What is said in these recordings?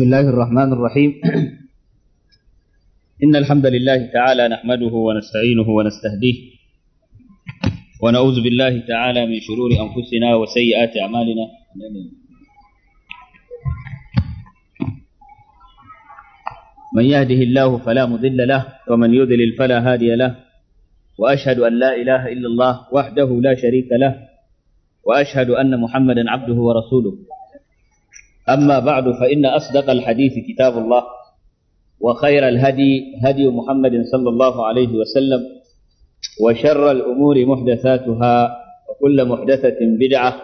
بسم الله الرحمن الرحيم إن الحمد لله تعالى نحمده ونستعينه ونستهديه ونعوذ بالله تعالى من شرور أنفسنا وسيئات أعمالنا من يهده الله فلا مضل له ومن يذلل فلا هادي له وأشهد أن لا إله إلا الله وحده لا شريك له وأشهد أن محمدا عبده ورسوله أما بعد فإن أصدق الحديث كتاب الله وخير الهدي هدي محمد صلى الله عليه وسلم وشر الأمور محدثاتها وكل محدثة بدعة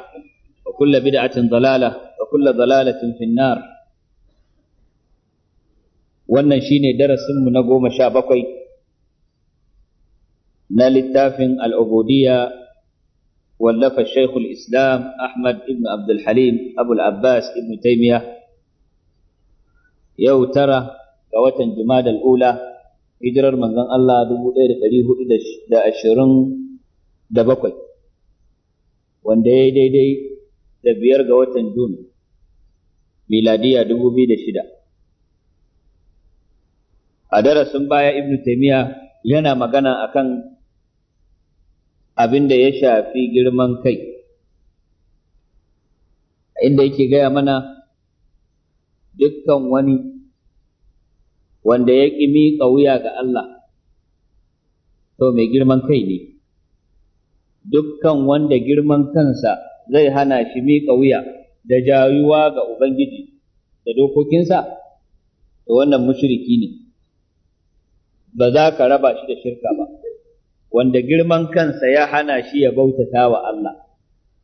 وكل بدعة ضلالة وكل ضلالة في النار wannan درس darasinmu na goma sha bakwai العبودية wallafa Sheikhul Islam Ahmad ibn Abdul Halim Abul Abbas ibn Taymiyyah yau tara ga watan Jumada al-Ula hijirar manzon Allah 1427 wanda ya daidai da biyar ga watan Jun miladiya 2006 a darasin baya ibnu Taymiyyah yana magana akan abin da ya shafi girman kai inda yake gaya mana dukkan wani wanda ya ƙi miƙa wuya ga Allah to mai girman kai ne dukkan wanda girman kansa zai hana shi miƙa wuya da jayuwa ga Ubangiji da dokokinsa to wannan mushriki ne ba za ka raba shi da shirka ba wanda girman kansa ya hana shi ya bautata wa Allah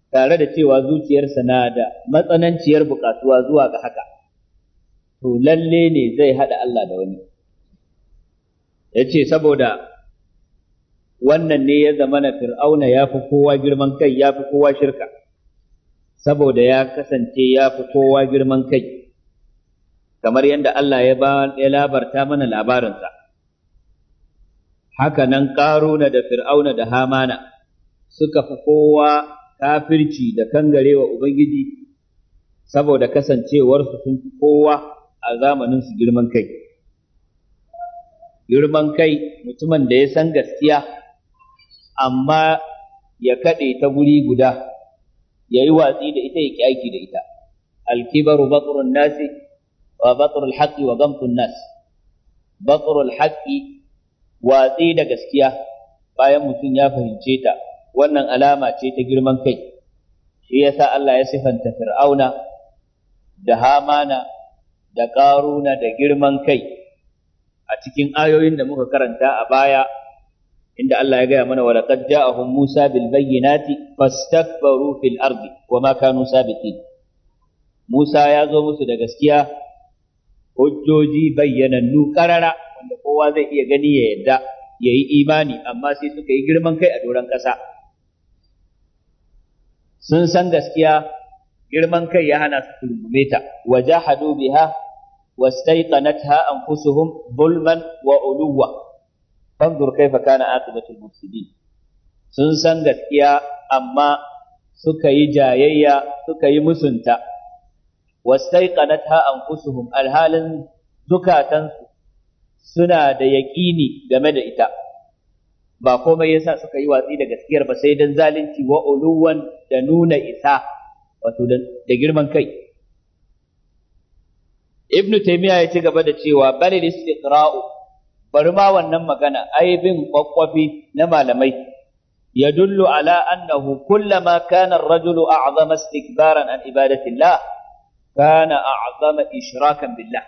tare da cewa zuciyarsa na da matsananciyar buƙatuwa zuwa ga haka to lalle ne zai haɗa Allah da wani ya ce saboda wannan ne ya zama na fir'auna ya fi kowa girman kai ya fi kowa shirka saboda ya kasance ya fi kowa girman kai kamar yadda Allah ya labarta mana labarinsa haka nan ƙaruna da fir'auna da hamana suka fi kowa kafirci da kangarewa ubangiji saboda kasancewarsu sun fi kowa a zamaninsu girman kai girman kai mutumin da ya san gaskiya amma ya kaɗe ta guri guda ya yi watsi da ita ya ƙi aiki da ita alkibaru baturun nasi wa baturul haƙi wa gamtun nas baturul haƙi watsi da gaskiya bayan mutum ya fahimce ta wannan alama ce ta girman kai shi yasa Allah ya sifanta fir'auna da hamana da ƙaruna da girman kai a cikin ayoyin da muka karanta a baya inda Allah ya gaya mana walaqad ja'ahum Musa bil bayyinati fastakbaru fil ardi ma kanu sabiqin Musa ya zo musu da gaskiya hujjoji nu karara kowa zai iya gani ya yadda ya yi imani amma sai suka yi girman kai a doron ƙasa sun san gaskiya girman kai ya hana su rungume ta wa jahadu biha wastaiqanatha anfusuhum zulman wa uluwa fanzur kaifa kana aqibatul mufsidin sun san gaskiya amma suka yi jayayya suka yi musunta wastaiqanatha anfusuhum alhalin zukatansu suna da yaƙini game da ita ba komai yasa suka yi watsi da gaskiyar ba sai dan zalunci wa uluwan da nuna isa wato da girman kai ibnu taymiya ya ci gaba da cewa bal istiqra'u bari ma wannan magana ai bin kwakwafi na malamai ya yadullu ala annahu kullama kana ar-rajulu a'zama istikbaran an ibadati Allah kana a'zama ishrakan billah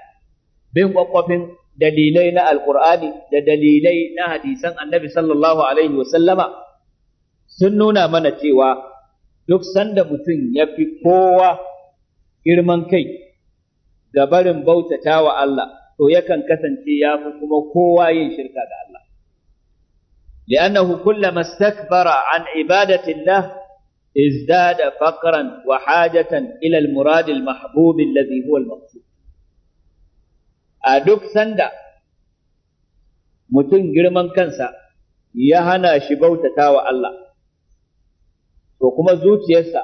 bin kwakwafin dalilai na alkur'ani da dalilai na hadisan annabi sallallahu alaihi wasallama sun nuna mana cewa duk sanda mutum ya fi kowa girman kai da barin bautata wa Allah to yakan kasance ya fi kuma kowa yin shirka da Allah لأنه كلما استكبر عن عبادة الله ازداد فقرا وحاجة إلى المراد المحبوب الذي هو المقصود a duk sanda mutum girman kansa ya hana shi bautata wa Allah to kuma zuciyarsa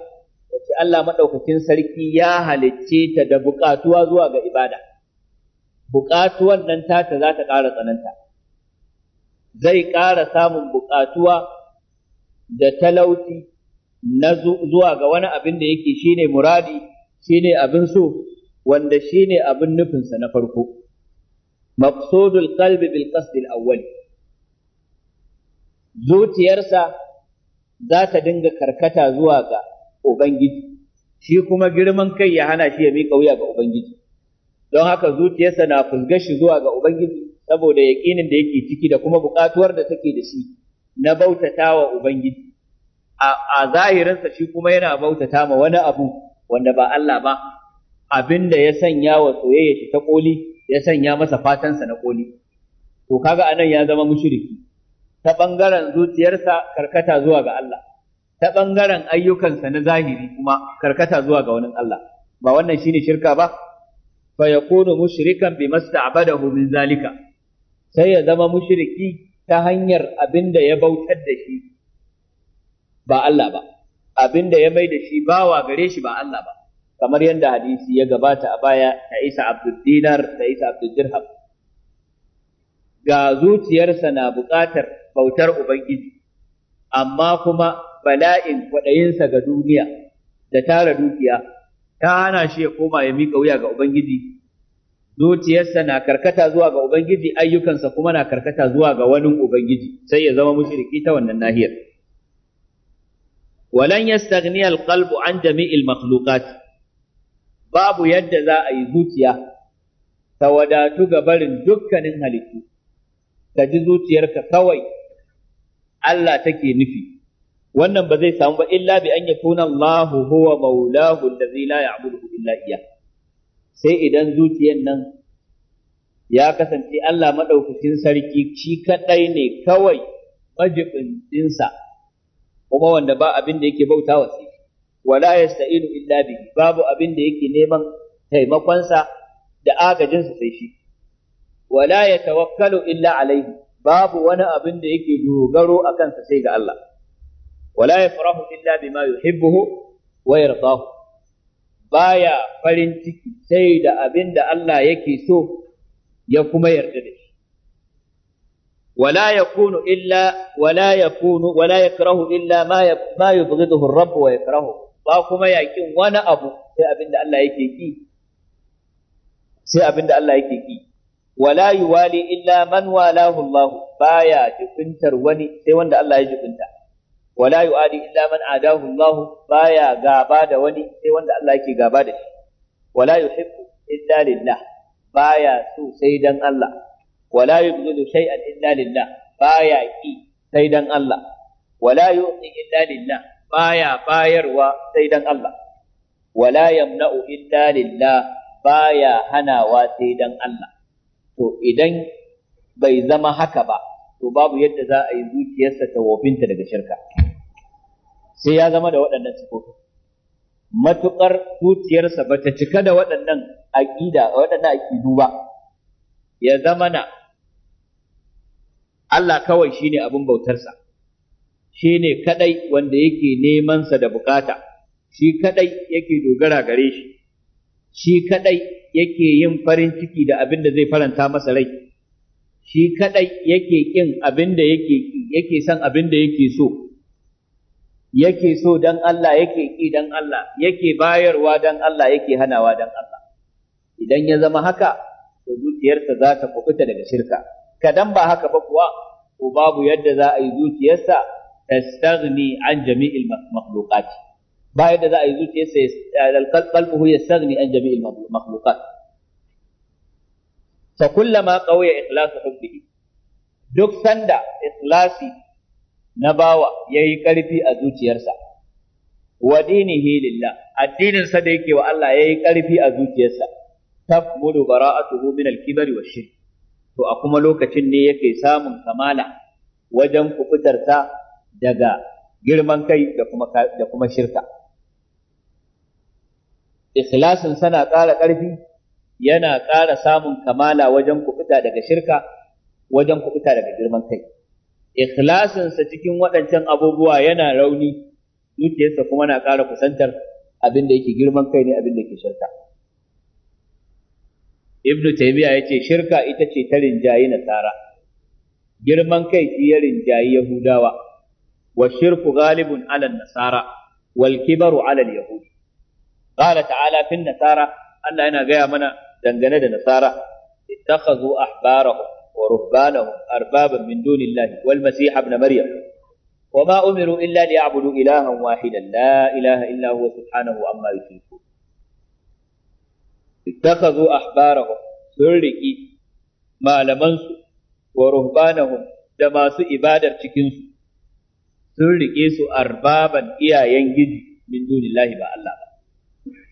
wacce Allah maɗaukakin sarki ya halicce ta da buƙatuwa zuwa ga ibada buƙatuwan nan tata za ta ƙara tsananta zai ƙara samun buƙatuwa da talauci na zuwa ga wani abin da yake shine muradi shine abin so wanda shine abin nufinsa na farko maqsudul qalbi bil qasd al zuciyarsa za ta dinga karkata zuwa ga ubangiji shi kuma girman kai ya hana ya miƙa wuya ga ubangiji don haka zuciyarsa na fusga shi zuwa ga ubangiji saboda yaƙinin da yake ciki da kuma buƙatuwar da take da shi na bautata wa ubangiji a zahirinsa shi kuma yana bautata ma wani abu wanda ba Allah ba abin da ya sanya wa soyayya shi ta koli ya sanya masa fatansa na koli to kaga anan ya zama mushriki ta bangaren zuciyarsa karkata zuwa ga Allah ta ɓangaren ayyukansa na zahiri kuma karkata zuwa ga wani Allah ba wannan shine shirka ba fa yakunu mushrikan masta'badahu min zalika sai ya zama mushriki ta hanyar abinda ya bautar da shi ba Allah ba abinda ya mai da shi bawa gare shi ba Allah ba kamar yadda hadisi ya gabata a baya ta isa abdul ta isa abdul ga zuciyarsa na buƙatar bautar ubangiji amma kuma bala'in kwaɗayinsa ga duniya da tara dukiya ta hana shi ya koma ya miƙa wuya ga ubangiji zuciyarsa na karkata zuwa ga Ubangiji ayyukansa kuma na karkata zuwa ga wani Ubangiji sai ya zama mushriki ta wannan nahiyar walan yastaghni alqalbu an jami'il makhluqat babu yadda za a yi zuciya ta wadatu ga barin dukkanin halittu ka ji zuciyarka kawai Allah take nufi wannan ba zai samu ba illa bi an yakuna Allahu huwa maulahu allazi la ya'budu illa iya. sai idan zuciyar nan ya kasance Allah madaukakin sarki shi kadai ne kawai majibin dinsa kuma wanda ba abin da yake bautawa sai wala yasta'inu illa bihi babu abin da yake neman taimakonsa da agajinsa sai shi wala yatawakkalu illa alaihi babu wani abin da yake dogaro a kansa sai ga Allah wala yafrahu illa bima yuhibbuhu wa yardahu baya farin ciki sai da abin da Allah yake so ya kuma yarda da shi wala yakunu illa yakrahu illa ma ma ba kuma yaƙin wani abu sai abinda Allah yake ki sai abinda Allah yake ki wala yuwali illa man walahu Allah baya jibintar wani sai wanda Allah ya jibinta wala yuadi illa man adahu Allah baya gaba da wani sai wanda Allah yake gaba da shi wala yuhibbu illa lillah baya so sai dan Allah wala yubghidu shay'an illa lillah baya ki sai dan Allah wala yu'ti illa lillah baya bayarwa sai dan Allah wala yamna'u illa lillah baya hanawa sai dan Allah to idan bai zama haka ba to babu yadda za a yi zuciyarsa ta wofinta daga shirka sai ya zama da waɗannan sifofin. matuƙar zuciyarsa ba ta cika da waɗannan aƙida waɗannan aƙidu ba ya zama na Allah kawai shine abin bautarsa shi ne kaɗai wanda yake nemansa da bukata shi kaɗai yake dogara gare shi shi kaɗai yake yin farin ciki da abin da zai faranta masa rai shi kaɗai yake ƙin abin da yake yake son abin da yake so yake so dan Allah yake ƙi dan Allah yake bayarwa dan Allah yake hanawa dan Allah idan ya zama haka to zuciyarsa za ta kuɓuta daga shirka kadan ba haka ba kuwa ko babu yadda za a yi zuciyarsa tastaghni an jami'il makhluqat ba yadda za a yi zuciyarsa qalbuhu yastaghni an jami'il makhluqat fa kullama qawiya ikhlasu hubbihi duk sanda ikhlasi na bawa yayi karfi a zuciyarsa Wadini dinihi lillah addinin sa da yake wa Allah yayi karfi a zuciyarsa Taf mudu min to a kuma lokacin ne yake samun kamala wajen kufutarsa daga girman kai da kuma da kuma shirka ikhlasin sana ƙara ƙarfi yana ƙara samun kamala wajen kuɓuta daga shirka wajen kuɓuta daga girman kai ikhlasinsa cikin waɗancan abubuwa yana rauni zuciyarsa kuma na ƙara kusantar abin da yake girman kai ne abin da yake shirka ibn taymiya yace shirka ita ce ta rinjayi nasara girman kai shi ya rinjayi yahudawa والشرك غالب على النصارى والكبر على اليهود قال تعالى في النصارى أن أنا جاي منا دنجنة النصارى اتخذوا أحبارهم ورهبانهم أربابا من دون الله والمسيح ابن مريم وما أمروا إلا ليعبدوا إلها واحدا لا إله إلا هو سبحانه أما يشركون اتخذوا أحبارهم سرقي ما لمنسوا ورهبانهم da إبادة ibadar sun riƙe su arbaban iyayen gidi. min dunillahi ba Allah ba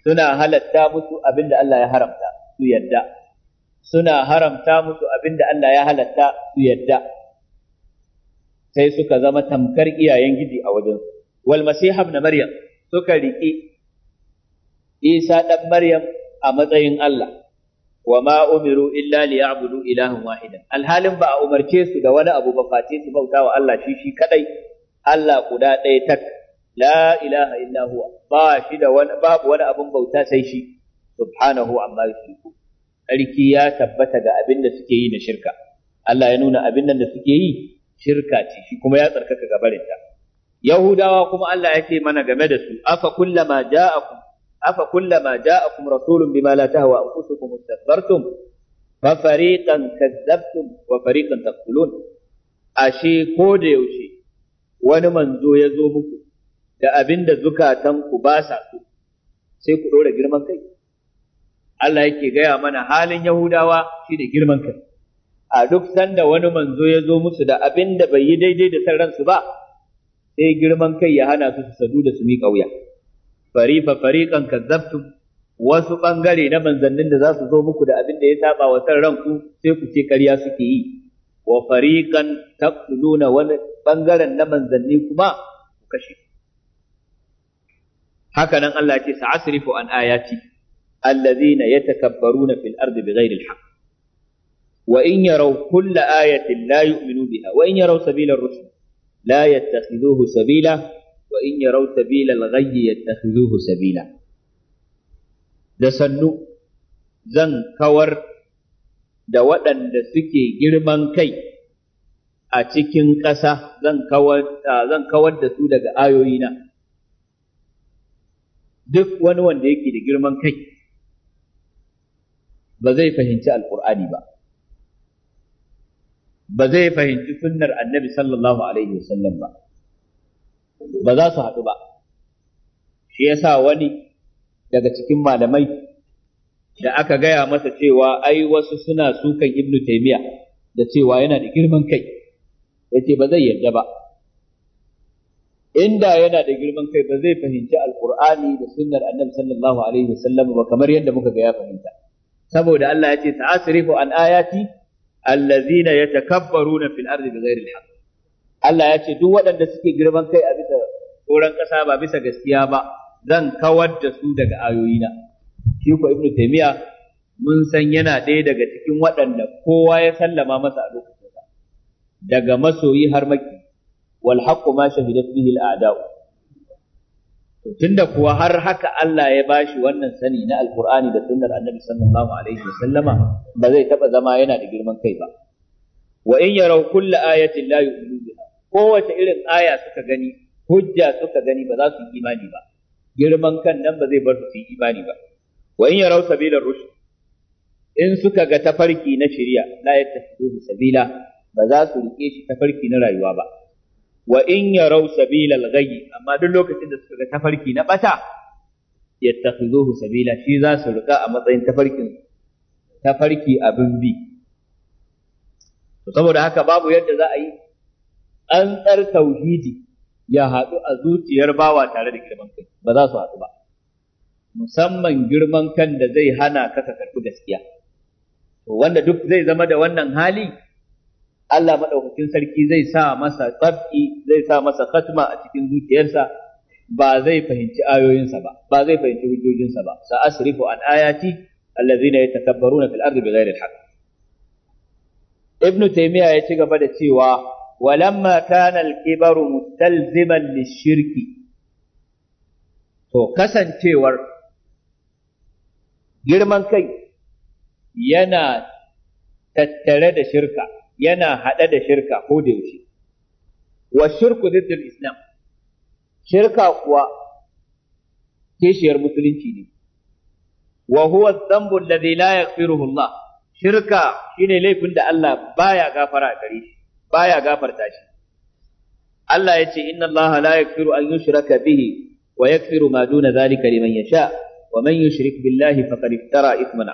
suna halatta musu abinda Allah ya haramta su yadda suna haramta musu abinda Allah ya halatta su yadda sai suka zama tamkar iyayen gidi a wajen wal masiha ibn maryam suka riki isa dan maryam a matsayin Allah wa ma umiru illa liya'budu ilahan wahidan alhalin ba a umarce su da wani abu ba face su bauta wa Allah shi shi kadai Allah guda ɗaya tak la ilaha illa huwa ba shi da wani babu wani abin bauta sai shi subhanahu amma yushriku sarki ya tabbata ga abin da suke yi na shirka Allah ya nuna abin nan da suke yi shirka ce shi kuma ya tsarkaka ga barinta yahudawa kuma Allah ya ce mana game da su afa kullama ja'akum afa kullama ja'akum rasulun bima la tahwa anfusukum istakbartum fa fariqan kadzabtum wa fariqan taqtulun ashe ko da yaushe wani manzo ya zo muku da abin da zukatanku ba sa so sai ku ɗora girman kai Allah yake gaya mana halin Yahudawa shi da girman kai a duk sanda wani manzo ya zo musu da abin da bai yi daidai da ransu ba sai girman kai ya hana su su sadu da su miƙa wuya fari fa fariqan kazzabtum wasu ɓangare na manzannin da za su zo muku da abin da ya saba wa ranku sai ku ce karya suke yi wa fariqan taqtuluna wani ɓangaren na manzanni kuma ku kashe haka nan Allah ya ce sa'asrifu an ayati allazina na fil ardi bighairi alhaq wa in yarau kulla ayatin la yu'minu biha wa in yarau sabila ar-rusul la yattakhiduhu sabila wa in yarau sabila al-ghayyi yattakhiduhu sabila da sannu zan kawar da waɗanda suke girman kai a cikin ƙasa zan kawar da su daga ayoyina duk wani wanda yake da girman kai ba zai fahimci Alƙur'ani ba ba zai fahimci sunnar annabi sallallahu alaihi wasallam ba ba za su haɗu ba shi yasa wani daga cikin malamai da aka gaya masa cewa ai wasu suna sukan ibnu taymiya da cewa yana da girman kai yace ba zai yarda ba inda yana da girman kai ba zai fahimci alqur'ani da sunnar annabi sallallahu alaihi wasallam ba kamar yadda muka ga ya fahimta saboda Allah yace ta'asrifu an ayati allazina yatakabbaruna fil ardi bighairi alhaq Allah yace duk waɗanda suke girman kai a bisa tsoron ƙasa ba bisa gaskiya ba zan kawar da su daga ayoyina shi ko ibnu taymiya mun san yana ɗaya daga cikin waɗanda kowa ya sallama masa a lokacin daga masoyi har maki wal haqqu ma shahidat bihi al a'da'u to tunda kuwa har haka Allah ya bashi wannan sani na alqur'ani da sunnar annabi sallallahu alaihi wasallama ba zai taba zama yana da girman kai ba wa in yarau kulla ayatin la yu'minu biha kowace irin aya suka gani hujja suka gani ba za su yi imani ba girman kan nan ba zai bar su yi imani ba wa in yarau sabilar rushd in suka ga tafarki na shari'a la yattakhidhu sabila ba za su rike shi tafarki na rayuwa ba wa in yarau sabilal ghayy amma duk lokacin da suka ga tafarki na bata yattakhidhu sabila shi za su rika a matsayin tafarkin tafarki abin bi saboda haka babu yadda za a yi an tsar tauhidi ya haɗu a zuciyar bawa tare da girman kai ba za su haɗu ba musamman girman kan da zai hana ka ka karɓi gaskiya to wanda duk zai zama da wannan hali Allah maɗaukakin sarki zai sa masa tsabki zai sa masa khatma a cikin zuciyarsa ba zai fahimci ayoyinsa ba ba zai fahimci hujjojinsa ba sa asrifu an ayati allazina yatakabbaruna fil ardi bighairi alhaq ibnu taymiya ya ci gaba da cewa ولما كان الكبر مستلزما lishirki to kasancewar girman kai yana tattare da shirka yana haɗe da shirka ko da yaushe wa shirku ziddul islam shirka kuwa kishiyar musulunci ne wa huwa dhanbu alladhi la yaghfiruhu Allah shirka shine laifin da Allah baya gafara gare shi baya gafarta shi Allah ya ce inna Allah la yaghfiru an yushraka bihi wa yaghfiru ma duna dhalika liman yasha' wa man yushrik billahi faqad iftara ithman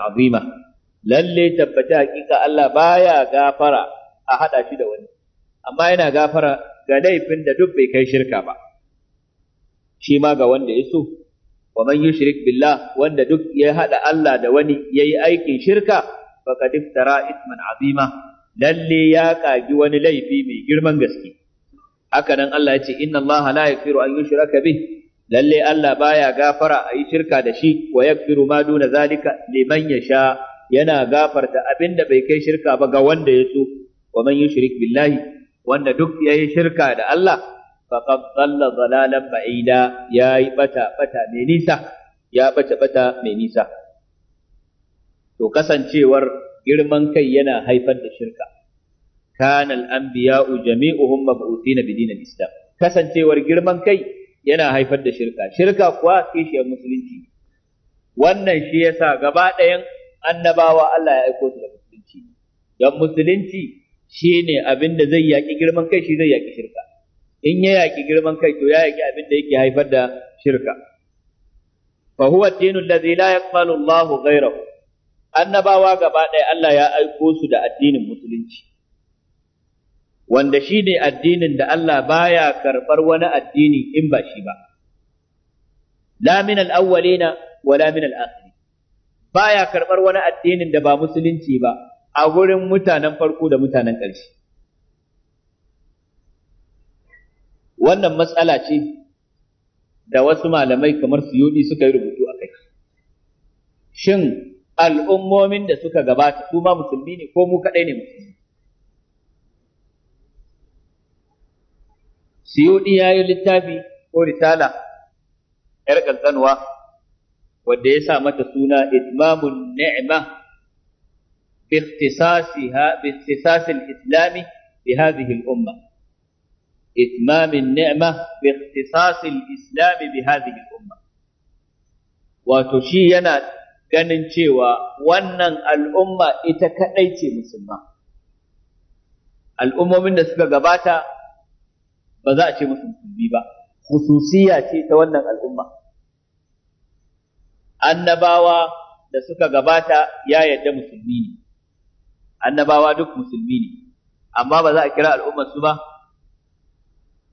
lalle tabbata hakika Allah baya gafara a hada shi da wani amma yana gafara ga laifin da duk bai kai shirka ba shi ma ga wanda ya so wa man yushrik billah wanda duk ya hada Allah da wani yayi aikin shirka Fa faqad iftara ithman azima lalle ya kaji wani laifi mai girman gaske haka nan Allah ya ce inna Allah la yaghfiru an yushraka bih lalle Allah baya gafara a yi shirka da shi wa yaghfiru ma duna zalika liman sha. yana gafarta abinda bai kai shirka ba ga wanda ya so wa man shirik billahi wanda duk yayi shirka da Allah faqad dhalla dhalalan ba'ida yi bata bata mai nisa ya bata bata mai nisa to kasancewar girman kai yana haifar da shirka kana al-anbiya'u jami'uhum mab'uthina bi islam kasancewar girman kai yana haifar da shirka shirka kuwa kishiyar musulunci wannan shi yasa gaba ɗayan annabawa Allah ya aiko su da musulunci don musulunci shine abin da zai yaƙi girman kai shi zai yaƙi shirka in ya yaƙi girman kai to ya yaƙi abin da yake haifar da shirka fa huwa ad-dinu alladhi la yaqbalu Allahu ghayrahu annabawa gaba ɗaya Allah ya aiko su da addinin musulunci wanda shi ne addinin da Allah baya karɓar wani addini in ba shi ba la min al-awwalina laminal min al-akhirin baya karɓar wani addinin da ba musulunci ba a gurin mutanen farko da mutanen ƙarshe wannan matsala ce da wasu malamai kamar yudi suka yi rubutu a kai shin al'ummomin da suka gabata su ma musulmi ne ko mu kaɗai ne musulmi سيودي يا يو لتابي او رسالة ارق الزنوة وديسا متى سونا اتمام النعمة باختصاصها باختصاص الاسلام بهذه الامة اتمام النعمة باختصاص الاسلام بهذه الامة وتشينا ganin cewa wannan al'umma ita kadai ce musulma al'ummomin da ba za a ce musu musulmi ba hususiya ce ta wannan al'umma annabawa da suka gabata ya yadda musulmi ne annabawa duk musulmi ne amma ba za a kira al'ummar su ba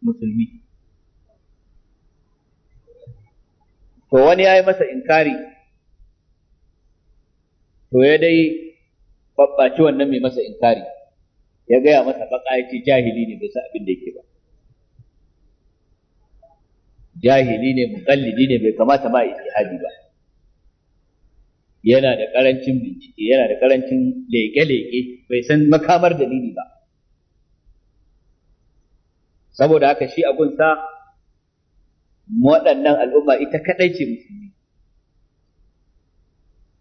musulmi to wani ya yi masa inkari to ya dai babbaci wannan mai masa inkari ya gaya masa baka ya ce jahili ne bai san abin da yake ba jahili ne muqallidi ne bai kamata ba ijtihadi ba yana da karancin bincike yana da karancin leƙe-leƙe bai san makamar dalili ba saboda haka shi a gunsa waɗannan al'umma ita kadai ce musulmi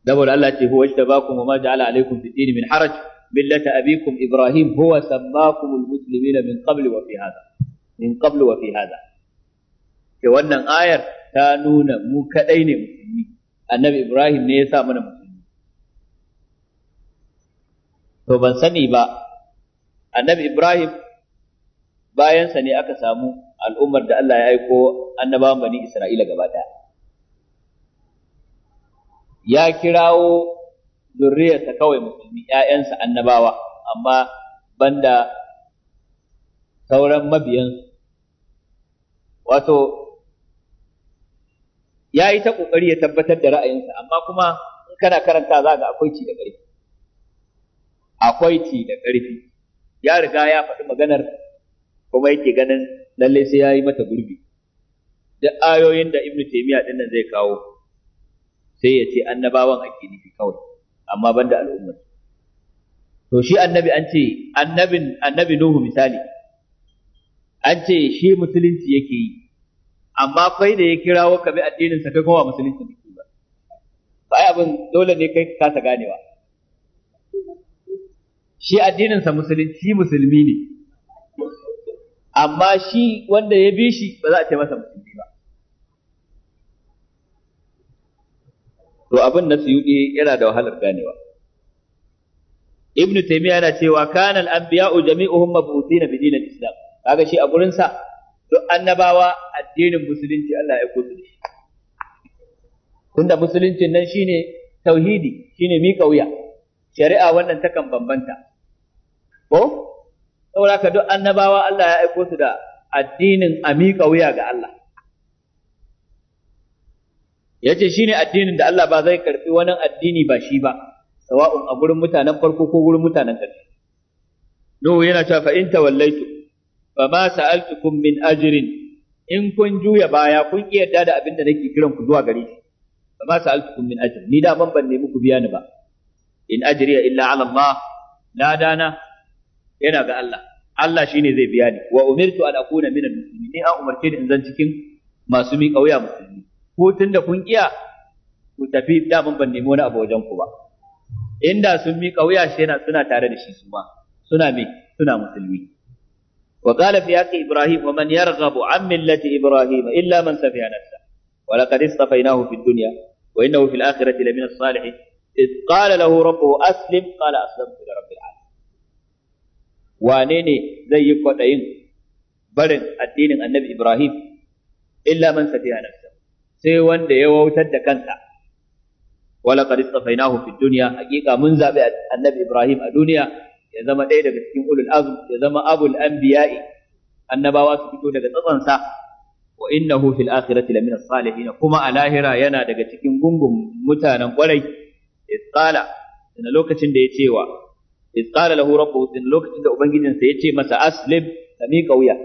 saboda Allah ce huwa ijtabakum wa ma ja'ala alaykum fid din min haraj millata abikum ibrahim huwa sammakum almuslimina min qabl wa fi min qabl wa fi ke wannan ayar ta nuna mu kadai ne musulmi annabi ibrahim ne ya sa mana musulmi to ban sani ba annabi ibrahim bayansa ne aka samu al'ummar da Allah ya aiko annabawan bani isra'ila gaba ɗaya ya kirawo zurriyarsa kawai musulmi ‘ya'yansa annabawa amma banda sauran mabiyansu wato ya yi ta ƙoƙari ya tabbatar da ra'ayinsa amma kuma in kana karanta za ga akwai ci da ƙarfi akwai ci da ƙarfi ya riga ya faɗi maganar kuma yake ganin lallai sai ya yi mata gurbi duk ayoyin da ibnu taymiya din nan zai kawo sai ya ce annabawan ake nufi kawai amma ban da al'ummar to shi annabi an ce annabin annabi nuhu misali an ce shi musulunci yake yi amma kai da ya kira ka bi addinin sa kai kuma musulunci ne ba ba ai abin dole ne kai ka kasa ganewa shi addinin sa musulunci musulmi ne amma shi wanda ya bi shi ba za a ce masa musulmi ba to abin na suyudi yana da wahalar ganewa Ibnu taymiya yana cewa kana al-anbiya'u jami'uhum mabuthina bi dinil islam kaga shi a gurin sa duk annabawa addinin musulunci Allah ya aiko su da shi tunda musuluncin nan shine tauhidi shine miƙa wuya shari'a wannan takan bambanta ko saboda duk annabawa Allah ya aiko su da addinin a miƙa wuya ga Allah yace shine addinin da Allah ba zai karbi wani addini ba shi ba sawa'un a gurin mutanen farko ko gurin mutanen ƙarshe Nuhu yana cewa fa in tawallaitu ma sa'altukum min ajrin in kun juya baya kun iya yarda da abin da nake kiran ku zuwa gare shi ma sa'altukum min ajrin ni da ban ban nemi ku biya ni ba in ajriya illa ala Allah ladana yana ga Allah Allah shine zai biya ni wa umirtu an akuna minal muslimin ni an umarce ni in zan cikin masu mi kauya musulmi ko tunda kun iya ku tafi da ban ban nemi wani abu wajen ku ba inda sun mi kauya shi yana suna tare da shi su ma suna me suna musulmi وقال في حق إبراهيم ومن يرغب عن ملة إبراهيم إلا من سفه نفسه ولقد اصطفيناه في الدنيا وإنه في الآخرة لمن الصالحين إذ قال له ربه أسلم قال أسلمت لرب العالمين وانيني زي قطعين برن الدين النبي إبراهيم إلا من سفه نفسه sai wanda ya wautar da kansa wala qad istafainahu fid dunya hakika mun zabi annabi ibrahim a duniya ya zama ɗaya daga cikin ulul azm ya zama abul anbiya'i annabawa su fito daga tsatsansa wa innahu fil akhirati lamina salihin kuma a lahira yana daga cikin gungun mutanen ƙwarai. isqala in lokacin da ya ce wa isqala lahu rabbuhu in lokacin da ubangijinsa ya ce masa aslim ka miƙa wuya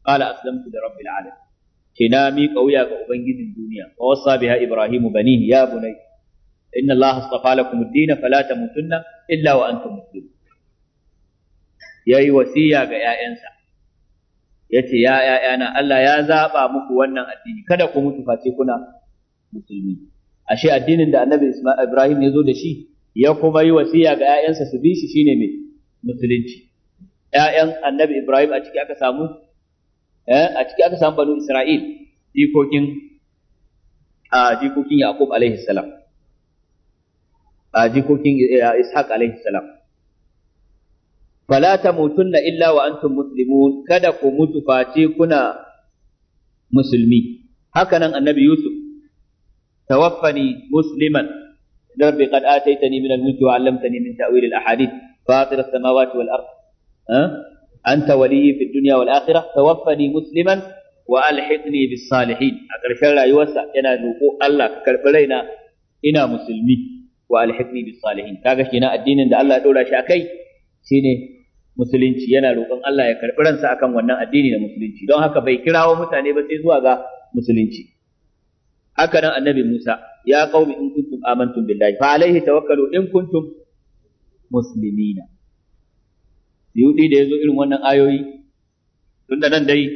qala aslamtu li rabbil alamin ce na miƙa wuya ga ubangijin duniya wa wasa biha ibrahimu banihi ya bunayya inna allaha astafa lakum ad-din fala tamutunna illa wa antum muslimun ya yi wasiya ga ‘ya'yansa, ya ce, ‘Ya ‘ya'yana, Allah ya zaɓa muku wannan addini, kada ku mutu face kuna musulmi. Ashe addinin da annabi Ibrahim ya zo da shi, ya kuma yi wasiya ga ‘ya'yansa su bi shi ne mai musulunci. ‘Ya'yan annabi Ibrahim a ciki aka samu, eh, a ciki aka samu banu Isra'il, jikokin a jikokin Yaqub alaihi salam, a jikokin eh, Ishaq alaihi salam. فلا تموتن إلا وأنتم مسلمون كدك متفاتيكنا مسلمي هكذا النبي يوسف توفني مسلما ربي قد آتيتني من الموت وعلمتني من تأويل الأحاديث فاطر السماوات والأرض أنت ولي في الدنيا والآخرة توفني مسلما وألحقني بالصالحين اكثر أقرش لا يوسع أنا نقول الله كربلينا إنا مسلمي وألحقني بالصالحين تاقش جناء الدين عند الله دولا شاكي shine musulunci yana roƙon Allah ya karɓi ransa akan wannan addini na musulunci don haka bai kirawo mutane ba sai zuwa ga musulunci haka nan annabi Musa ya qaumi in kuntum amantum billahi fa alaihi tawakkalu in kuntum muslimina yudi da yazo irin wannan ayoyi tunda nan dai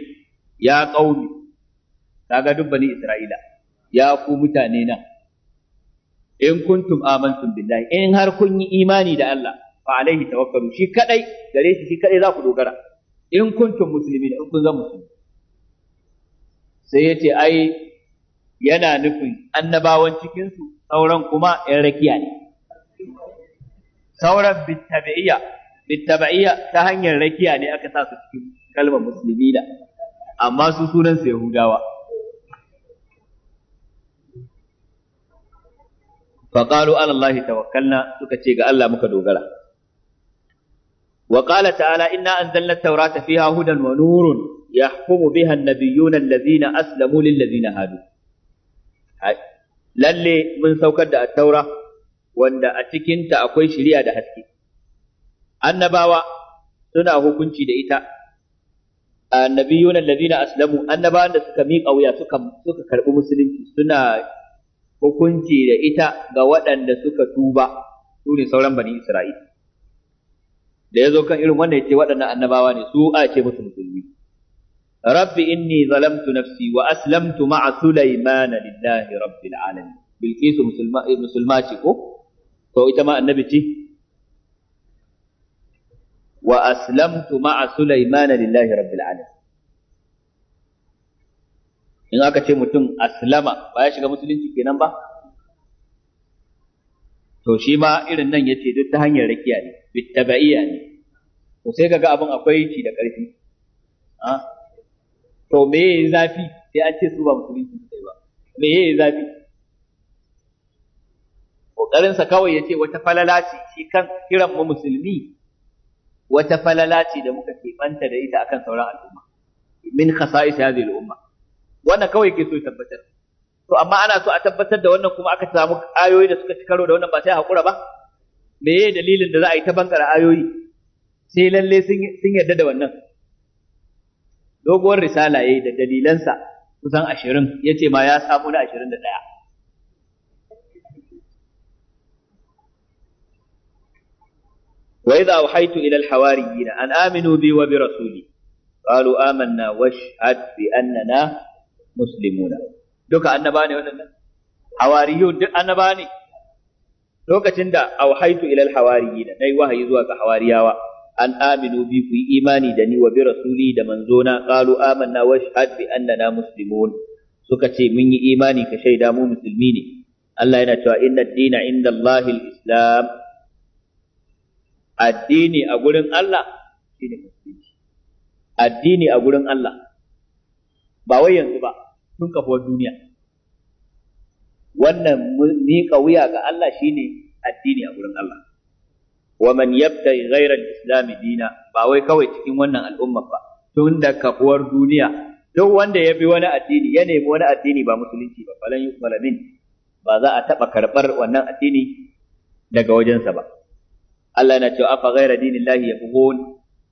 ya qaumi kaga duk bani Isra'ila ya ku mutane na in kuntum amantum billahi in har kun yi imani da Allah fa alaihi tawakkalu shi kadai gare shi shi kadai za ku dogara in kuntum muslimin in kun zama musulmi sai yace ai yana nufin annabawan cikin su sauran kuma yan rakiya ne sauran bittabi'iyya bittabi'iyya ta hanyar rakiya ne aka sa su cikin kalmar da amma su sunan su yahudawa faqalu ala allahi tawakkalna suka ce ga Allah muka dogara wa qala ta'ala inna anzalna at-taurata fiha hudan wa nurun yahkumu biha an-nabiyyuna alladhina aslamu lil ladina hadu lalle mun saukar da at-taura wanda a cikinta akwai shiriya da haske annabawa suna hukunci da ita annabiyun alladhina aslamu annabawan da suka miƙa wuya suka suka karbi musulunci suna hukunci da ita ga waɗanda suka tuba su sauran bani isra'ila da ya zo kan irin wannan ce waɗannan annabawa ne su a ce musu musulmi rabbi inni zalamtu nafsi wa aslamtu ma'a sulaiman lillahi rabbil alamin bilkisu musulma eh, musulma ce ko to ita ma annabi ce wa aslamtu ma'a sulaiman lillahi rabbil alamin in aka ce mutum aslama ba ya shiga musulunci kenan ba to shi ma irin nan yace duk ta hanyar rakiya ne bittaba'iyya ne to sai kaga abin akwai ci da ƙarfi a ah, to me yayi zafi sai an ce su ba musulunci sai ba me yayi zafi sa kawai yace wata falala ce shi kan kiran mu musulmi wata falala ce da muka banta da ita akan sauran al'umma min khasa'is hadhihi al'umma wannan kawai ke so tabbatar to amma ana so a tabbatar da wannan kuma aka samu ayoyi da suka ci karo da wannan ba sai haƙura ba Me meye dalilin da za a yi ta bankara ayoyi sai lalle sun yarda da wannan doguwar risala yayi da dalilansa kusan ashirin ya ce ma ya samu na ashirin da ɗaya وإذا أوحيت إلى الحواريين أن آمنوا بي وبرسولي قالوا آمنا واشهد بأننا مسلمون duka annaba ne waɗannan hawariyun duk annaba ne lokacin da auhaitu ilal hawariyina nayi wahayi zuwa ga hawariyawa an aminu bi ku yi imani da ni wa bi rasuli da manzona qalu amanna wa shahad bi annana muslimun suka ce mun yi imani ka shaida mu musulmi ne Allah yana cewa inna dina inda Allahi islam addini a gurin Allah shine musulunci addini a gurin Allah ba wai yanzu ba tun kafuwar duniya wannan ni wuya ga Allah shine addini a gurin Allah wa man yabda ghayra al-islam dina ba wai kawai cikin wannan al'umma ba tun da kafuwar duniya duk wanda ya bi wani addini ya nemi wani addini ba musulunci ba falan yuqbala min ba za a taba karɓar wannan addini daga wajensa ba Allah yana cewa afa ghayra dinillahi yabghun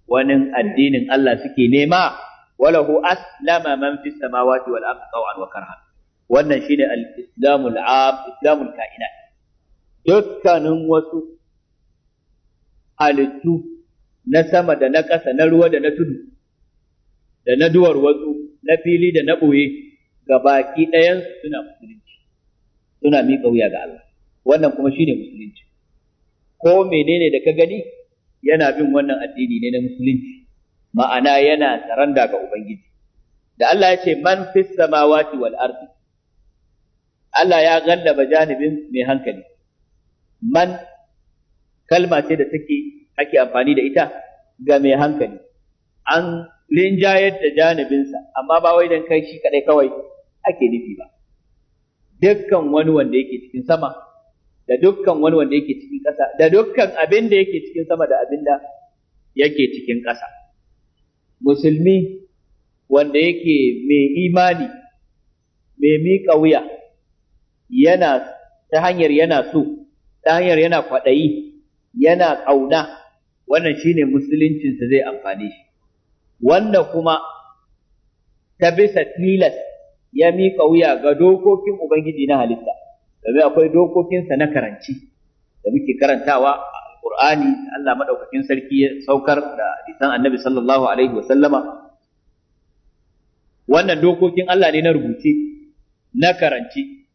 wani addinin Allah suke nema walahu aslama man fi samawati wal ardi taw'an wa karhan wannan shine al-islamul am islamul kainat dukkanin wasu halittu na sama da na ƙasa na ruwa da na tudu da na duwar wasu na fili da na ɓoye ga baki ɗayan suna musulunci suna miƙa wuya ga Allah wannan kuma shine musulunci ko menene da ka gani yana bin wannan addini ne na musulunci ma'ana yana saranda ga ubangiji da Allah ya ce man fis samawati wal ardi Allah ya gallaba janibin mai hankali man kalma ce da take ake amfani da ita ga mai hankali an linjayar da janibinsa amma ba wai dan kai shi kadai kawai ake nufi ba dukkan wani wanda yake cikin sama da dukkan wani wanda yake cikin ƙasa da dukkan abin da yake cikin sama da abin da yake cikin ƙasa musulmi wanda yake mai imani mai miƙa wuya yana ta hanyar yana so ta hanyar yana kwaɗayi yana ƙauna wannan shine musuluncinsa zai amfani shi wanda kuma ta bisa tilas ya miƙa wuya ga dokokin ubangiji na halitta domin akwai dokokinsa na karanci da muke karantawa Ƙur'ani da Allah madaukakin sarki ya saukar da hadisan annabi sallallahu alaihi wa sallama wannan dokokin Allah ne na rubuce na karanci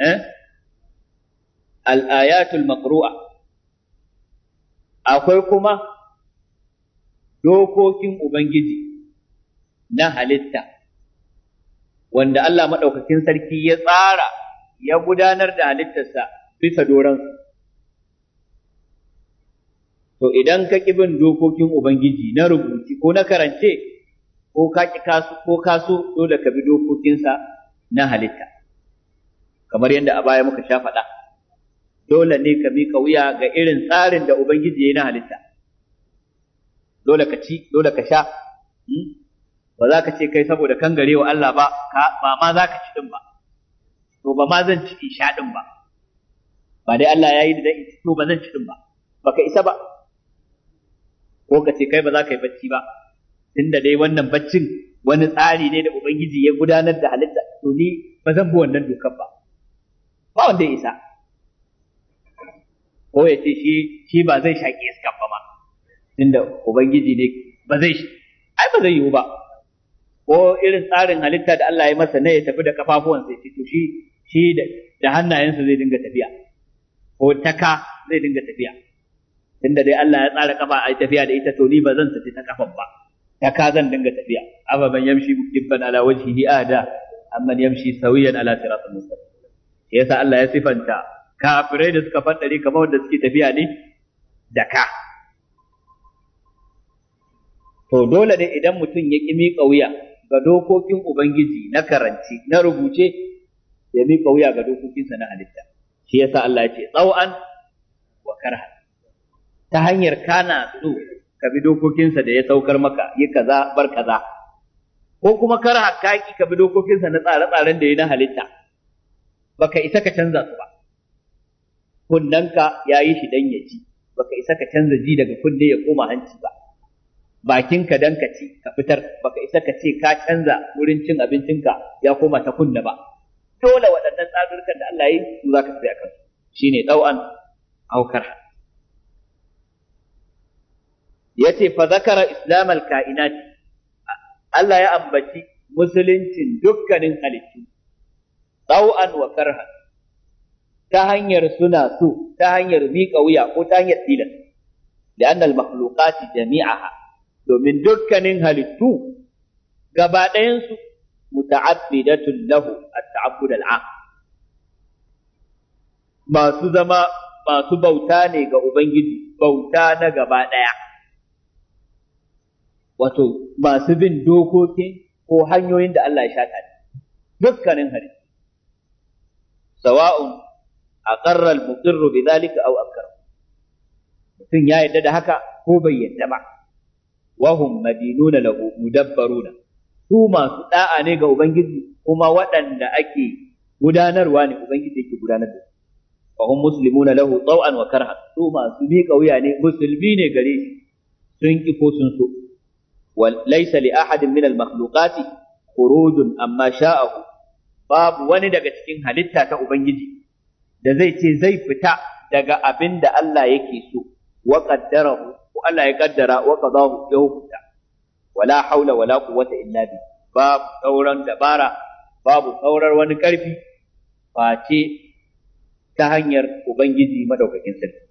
eh al-ayatul maqru'a akwai kuma dokokin ubangiji na halitta wanda Allah madaukakin sarki ya tsara ya gudanar da halittarsa bisa doransu to idan ka ƙi bin dokokin ubangiji na rubuci ko na karance ko ka ƙi kasu ko kaso dole ka bi dokokinsa na halitta kamar yadda a baya muka sha faɗa dole ne ka miƙa wuya ga irin tsarin da ubangiji ya yi na halitta dole ka ci dole ka sha hmm? ba za ka ce kai saboda kan gare wa Allah ba ba ma za ka ci din ba to ba ma zan ci in sha din ba ba dai Allah ya yi da to ba zan ci din ba baka isa ba ko ka ce kai ba za ka yi bacci ba tunda dai wannan baccin wani tsari ne da ubangiji ya gudanar da halitta to ni ba zan bi wannan dokar ba ba wanda ya isa ko ya ce shi shi ba zai shaƙi iskan ba ma tunda ubangiji ne ba zai shi. ai ba zai yiwu ba ko irin tsarin halitta da Allah ya masa ne ya tafi da kafafuwansa ya ce to shi shi da hannayensa zai dinga tafiya ko taka zai dinga tafiya tunda dai Allah ya tsara kafa a tafiya da ita to ni ba zan tafi ta kafan ba ta ka zan dinga tafiya amma ban yamshi mukibban ala wajhihi ada amman yamshi sawiyan ala siratul mustaqim yasa Allah ya sifanta kafirai da suka faddare kamar wanda suke tafiya ne da ka to dole ne idan mutum ya ki miƙa wuya ga dokokin ubangiji na karanci na rubuce ya miƙa wuya ga dokokinsa na halitta shi yasa Allah ya ce tsawan wa karha ta hanyar kana so ka bi dokokinsa da ya saukar maka yi kaza bar kaza ko kuma kar hakaki ka bi dokokinsa na tsare-tsaren da ya na halitta baka isa ka canza su ba kundanka ya yi shi dan ya ji baka isa ka canza ji daga kunne ya koma hanci ba bakinka dan ka ci ka fitar baka isa ka ce ka canza wurin cin abincinka ya koma ta kunna ba dole waɗannan tsadurkan da Allah ya yi su za ka tsaya kansu shine ɗau'an aukar yace fa zakara islamal ka'inati Allah ya ambaci musuluncin dukkanin halittu tau'an wa karhan ta hanyar suna so ta hanyar miƙa wuya ko ta hanyar tilas annal المخلوقات jami'aha domin dukkanin halittu gaba ɗayansu muta'abbidatun lahu at-ta'abbud al'am masu zama masu bauta ne ga ubangiji bauta na gaba ɗaya wato masu bin dokokin ko hanyoyin da Allah ya shata dukkanin hari sawa'un aqarra al-muqirr bi dhalika aw akara mutum ya yadda da haka ko bai yadda ba wa hum madinuna lahu mudabbaruna su masu da'a ne ga ubangiji kuma waɗanda ake gudanarwa ne ubangiji yake gudanar da wa hum muslimuna lahu taw'an wa karha su masu bi wuya ne musulmi ne gare shi sun ki ko sun so Laisali, li ahadin min al-makhluqati khurujun amma sha'ahu babu wani daga cikin halitta ta ubangiji da zai ce zai fita daga abin da Allah yake so wa qaddarahu ko Allah ya kaddara wa qadahu ya hukunta wala haula wala quwwata illa bi babu sauran dabara babu saurar wani karfi face ta hanyar ubangiji madaukakin sarki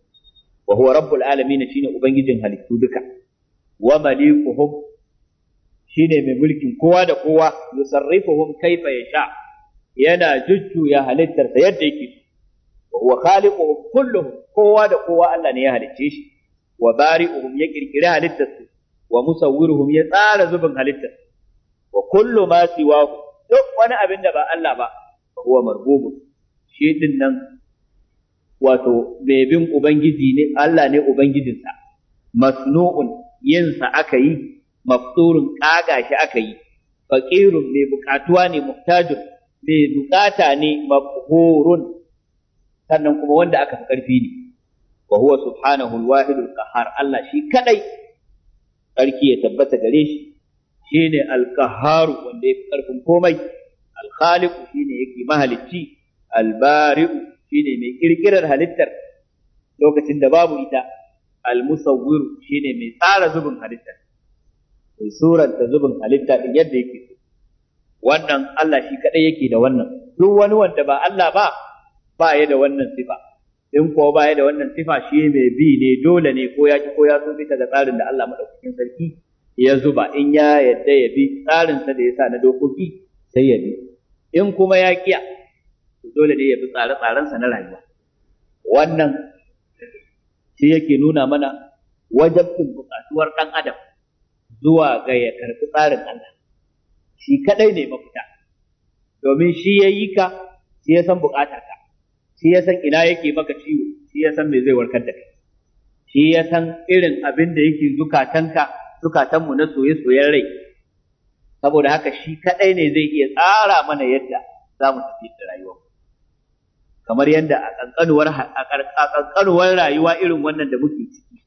wa huwa rabbul alamin shine ubangijin halittu duka wa malikuhum Shi ne mai mulkin kowa da kowa yusarrifuhum kaifa yasha yana jujjuya halittarsa yadda yake wa huwa khaliquhum kulluhum kowa da kowa Allah ne ya halicce shi wa bari'uhum ya kirkiri halittarsu wa musawwiruhum ya tsara zubin halittar wa kullu ma siwahu duk wani abin da ba Allah ba huwa marbubun shi din nan wato mai bin ubangiji ne Allah ne ubangijinsa masnu'un yinsa aka yi mafturun kaga shi aka yi faqirun mai buƙatuwa ne muhtajun mai buƙata ne mabhurun sannan kuma wanda aka fi karfi ne wa huwa subhanahu al-wahid al-qahhar Allah shi kadai sarki ya tabbata gare shi shine al-qahhar wanda yafi karfin komai al-khaliq shine yake mahalicci al-bari shine mai kirkirar halittar lokacin da babu ita al-musawwir shine mai tsara zubin halittar ya suranta zubin halitta din yadda yake so wannan Allah shi kadai yake da wannan duk wani wanda ba Allah ba ba ya da wannan sifa in ko ba ya da wannan sifa shi mai bi ne dole ne ko ya ki ko ya so ta ga tsarin da Allah madaukakin sarki ya zuba in ya yadda ya bi tsarin sa da ya sa na dokoki sai ya bi in kuma ya kiya dole ne ya bi tsare-tsaren sa na rayuwa wannan shi yake nuna mana wajabtin bukatuwar dan adam zuwa ga ya karɓi tsarin Allah shi kadai ne mafita domin shi ya yi ka shi ya san buƙatar ka shi ya san ina yake maka ciwo shi ya san me zai warkar da kai shi ya san irin abin da yake zukatanka zukatanmu na soye-soyen rai saboda haka shi kaɗai ne zai iya tsara mana yadda za mu tafi da rayuwa kamar yadda a ƙanƙanuwar rayuwa irin wannan da muke ciki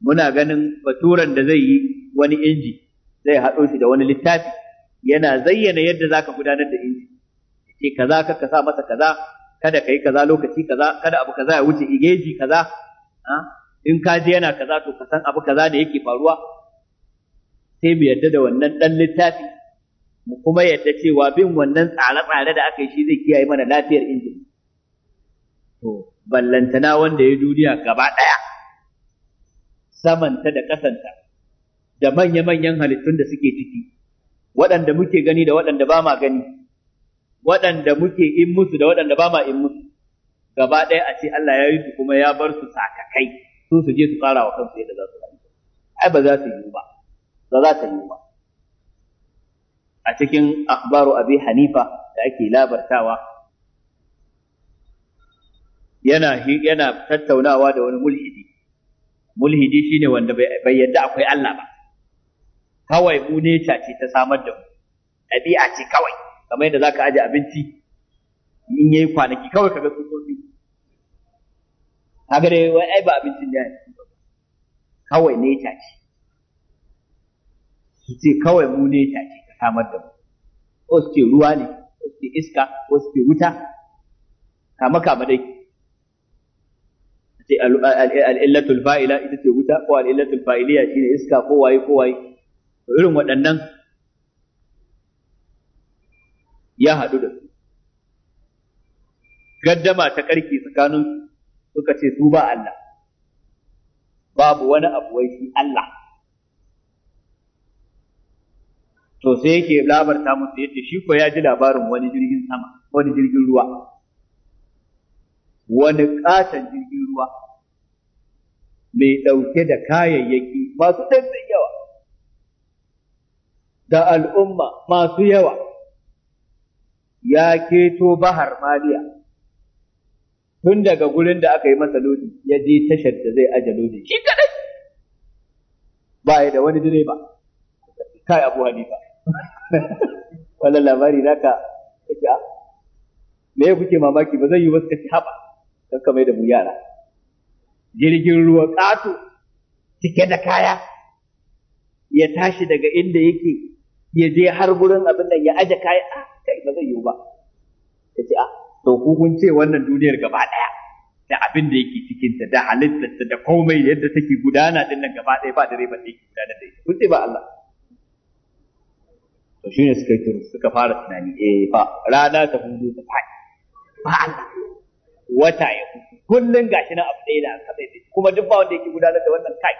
muna ganin baturan da zai yi wani inji zai haɗo shi da wani littafi yana zayyana yadda za ka gudanar da inji ce kaza ka sa masa kaza kada ka yi kaza lokaci kaza kada abu kaza ya wuce igeji kaza in ka ji yana kaza to ka san abu kaza da yake faruwa sai mu yadda da wannan ɗan littafi mu kuma yadda cewa bin wannan tsare-tsare da aka yi shi zai kiyaye mana lafiyar injin to ballantana wanda ya duniya gaba ɗaya samanta da kasanta da manya-manyan halittun da suke ciki waɗanda muke gani da waɗanda ba ma gani waɗanda muke in musu da waɗanda ba ma in musu gaba ɗaya a ce Allah ya yi su kuma ya bar su sakakai su su je su fara wa kansu yadda za su rayu ai ba za su yi ba ba za su yi ba a cikin akhbaru abi hanifa da ake labartawa yana yana tattaunawa da wani mulhidi mulhidi shine wanda bai yadda akwai Allah ba kawai mu ne ce ta samar da mu ɗabi'a ce kawai kamar yadda zaka aje abinci in yayi kwanaki kawai kaga tsutsotsi kaga dai wai ai ba abincin da kawai ne ce su ce kawai mu ne ce ta samar da mu ko su ce ruwa ne ko su ce iska ko su ce wuta kama kama dai sai al'illatul fa'ila ita ce wuta ko al'illatul fa'iliya shine iska ko waye ko waye irin waɗannan ya haɗu da su gaddama ta ƙarfi tsakanin suka ce su ba Allah babu wani abu wai shi Allah to sai yake labarta musu yace shi ko ya ji labarin wani jirgin sama wani jirgin ruwa wani katon jirgin ruwa mai ɗauke da kayayyaki masu ɗanɗan yawa da al'umma masu yawa ya keto bahar maliya tun daga gurin da aka yi masa lodi ya je tashar da zai aje lodi shi kaɗai. ba ya da wani direba kai abu hanifa wannan labari naka ka ah, me kuke mamaki ba zai yi wasu kace haɓa? kan mai da mu yara jirgin ruwa ƙato cike da kaya ya tashi daga inda yake ya je har gurin abin da ya aje kaya a ah, kai ba zai yiwu ba ya ce a ah, to ku kun ce wannan duniyar gaba ɗaya da abin da yake ta da halittarta da komai yadda take gudana din nan gaba ɗaya ba direban da yake gudanar da ita kun ce ba Allah to shine suka suka fara tunani eh fa rana ta hudu ta fa ba Allah wata ya kusa kullum ga shi nan abu ɗaya na kasai sai kuma duk ba wanda yake gudanar da wannan kai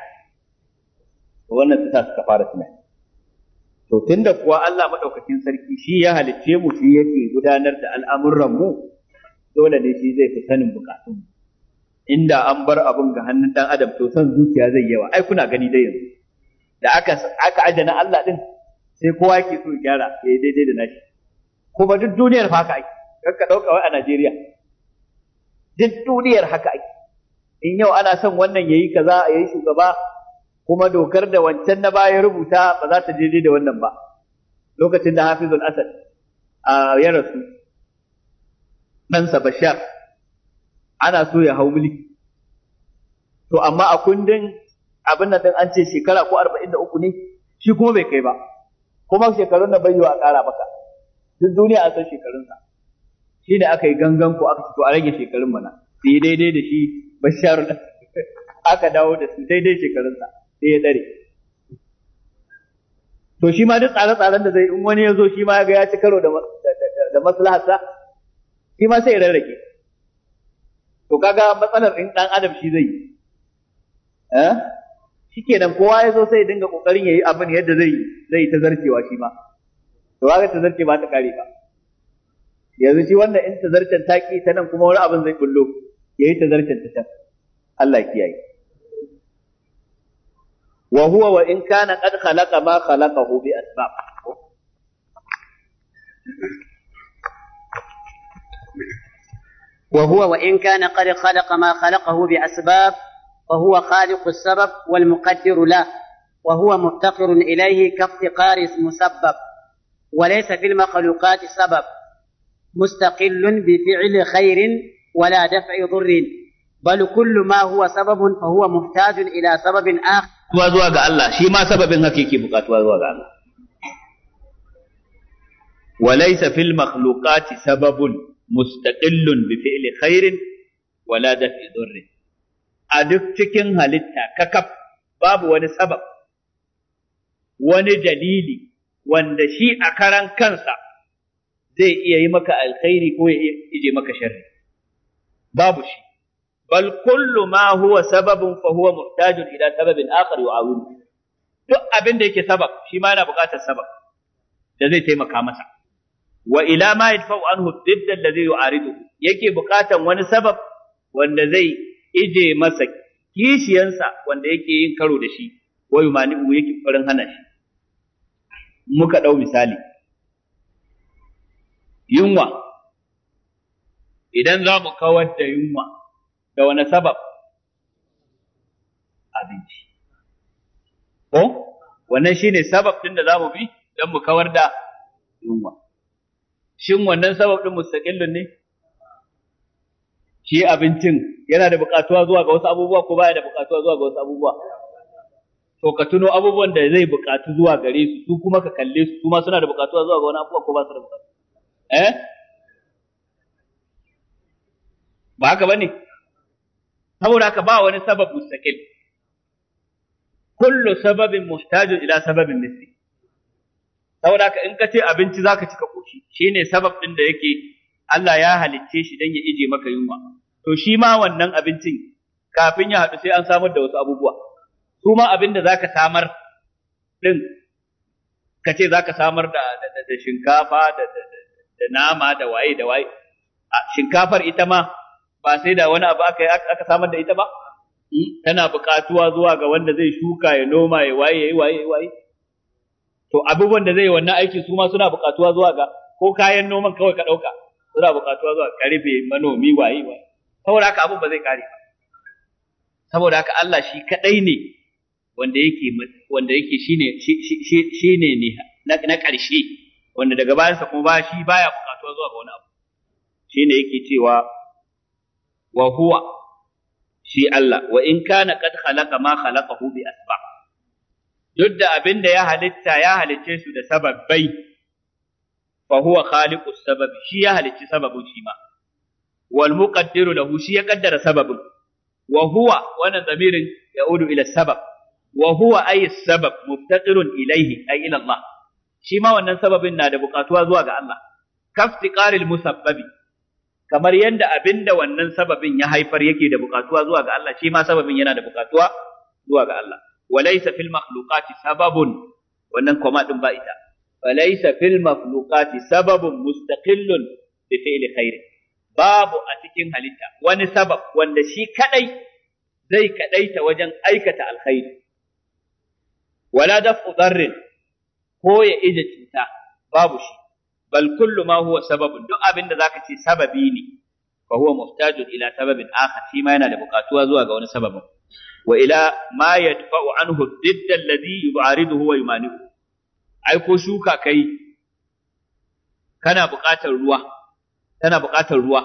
wannan su sa suka fara tunani to tunda kuwa Allah madaukakin sarki shi ya halicce mu shi yake gudanar da al'amuran mu dole ne shi zai fi sanin bukatun mu inda an bar abun ga hannun dan adam to san zuciya zai yawa ai kuna gani dai yanzu da aka aka ajana Allah din sai kowa yake so gyara ya daidai da nashi kuma duk duniyar fa haka ake ka dauka wai a Najeriya duk duniyar haka ake in yau ana son wannan yayi kaza yayi shugaba kuma dokar da wancan na baya rubuta ba za ta daidai da wannan ba lokacin da hafizul asad a ya rasu ɗansa bashar ana so ya hau mulki to amma a kundin abin nan din an ce shekara ko 43 ne shi kuma bai kai ba kuma shekarun da bai yi wa ƙara maka duk duniya a san shekarunsa shi da aka yi gangan ko aka fito a rage shekarun mana su yi daidai da shi basharul aka dawo da su daidai shekarunsa sai ya dare to shi ma duk tsare-tsaren da zai in wani ya zo shi ma ga ya ci karo da maslaharsa shi ma sai ya rarrake to kaga matsalar in dan adam shi zai yi eh shikenan kowa ya zo sai ya dinga kokarin yayi abin yadda zai zai ta zarcewa shi ma to kaga ta zarce ba ta kare ba yanzu shi wannan in tazarcen ta ki ta nan kuma wani abin zai bullo yayi tazarcen ta can Allah kiyaye wa huwa wa in kana qad khalaqa ma khalaqahu bi asbab wa wa huwa in kana khalaqa ma وهو وإن كان قد خلق ما خلقه بأسباب فهو خالق السبب والمقدر له وهو مفتقر إليه كافتقار wa laysa fil المخلوقات sabab مستقل بفعل خير ولا دفع ضر بل كل ما هو سبب فهو محتاج إلى سبب آخر zuwa ga Allah shi ma sababin hakiki bukatuwa zuwa ga Allah walaysa fil makhluqati sababun mustaqillun bi fi'li khairin wala dafi a duk cikin halitta kakaf babu wani sabab wani dalili wanda shi a karan kansa zai iya yi maka alkhairi ko ya ije maka sharri babu shi bal kullu ma huwa sababun fa huwa muhtajun ila sababin akhar yu'awinu duk abin da yake sabab shi ma yana buƙatar sabab da zai taimaka masa wa ila ma yadfa'u anhu didda alladhi yu'aridu yake buƙatar wani sabab wanda zai ije masa kishiyansa wanda yake yin karo da shi wa yumani yake farin hana shi muka ɗau misali yunwa idan za mu kawar da yunwa da wani sabab abinci ko wannan shine sabab din da za mu bi don mu kawar da yunwa shin wannan sabab din mustaqillun ne shi abincin yana da buƙatuwa zuwa ga wasu abubuwa ko baya da buƙatuwa zuwa ga wasu abubuwa to ka tuno abubuwan da zai buƙatu zuwa gare su su kuma ka kalle su kuma suna da buƙatuwa zuwa ga wani abubuwa ko ba su da buƙatu eh ba haka ne? saboda haka ba wani sababu sakil. kullu sababin muhtajun ila sababin misli saboda haka in ka ce abinci za ka cika koshi ne sabab ɗin da yake Allah ya halicce shi don ya ije maka yunwa to shi ma wannan abincin kafin ya haɗu sai an samar da wasu abubuwa su ma abin da za ka samar ɗin, ka ce za ka samar da da shinkafa da da nama da waye da waye shinkafar ita ma ba sai da wani abu aka aka samar da ita ba hmm? tana buƙatuwa zuwa ga wanda zai shuka ya noma ya waye ya waye ya waye to abubuwan da zai yi wannan aiki su ma suna buƙatuwa zuwa ga ko kayan noman kawai ka ɗauka suna buƙatuwa zuwa karfe manomi waye waye saboda haka abun ba zai kare ba saboda haka Allah shi kadai ne wanda yake wanda yake shine shine ne na ƙarshe wanda daga bayansa kuma ba shi baya bukatuwa zuwa ga wani abu Shi shine yake cewa wa huwa shi Allah wa in kana qad khalaqa ma khalaqahu bi asbab duk da abin da ya halitta ya halicce su da sababbai fa huwa khaliqus sabab shi ya halicci sababin shi ma wal muqaddiru lahu shi ya kaddara sababin wa huwa wannan zamirin udu ila sabab wa huwa ay sabab muftatirun ilayhi ay ila Allah shi ma wannan sababin na da buƙatuwa zuwa ga Allah ƙarin musabbabi kamar yadda abinda wannan sababin ya haifar yake da buƙatuwa zuwa ga Allah shi ma sababin yana da buƙatuwa zuwa ga Allah Walaisa fil makhluqati sababun wannan koma din ba ita walaysa fil makhluqati sababun mustaqillun bi fi'li khair babu a cikin halitta wani sabab wanda shi kadai zai kadaita wajen aikata alkhairi wala daf'u darrin ko ya ije cuta babu shi bal kullu ma huwa sababu duk abin da zaka ce sababi ne fa huwa muhtajun ila sababin akhar shi ma yana da buƙatuwa zuwa ga wani sababin wa ila ma yadfa'u anhu didd alladhi yu'aridu wa yumani'u ai ko shuka kai kana buƙatar ruwa tana buƙatar ruwa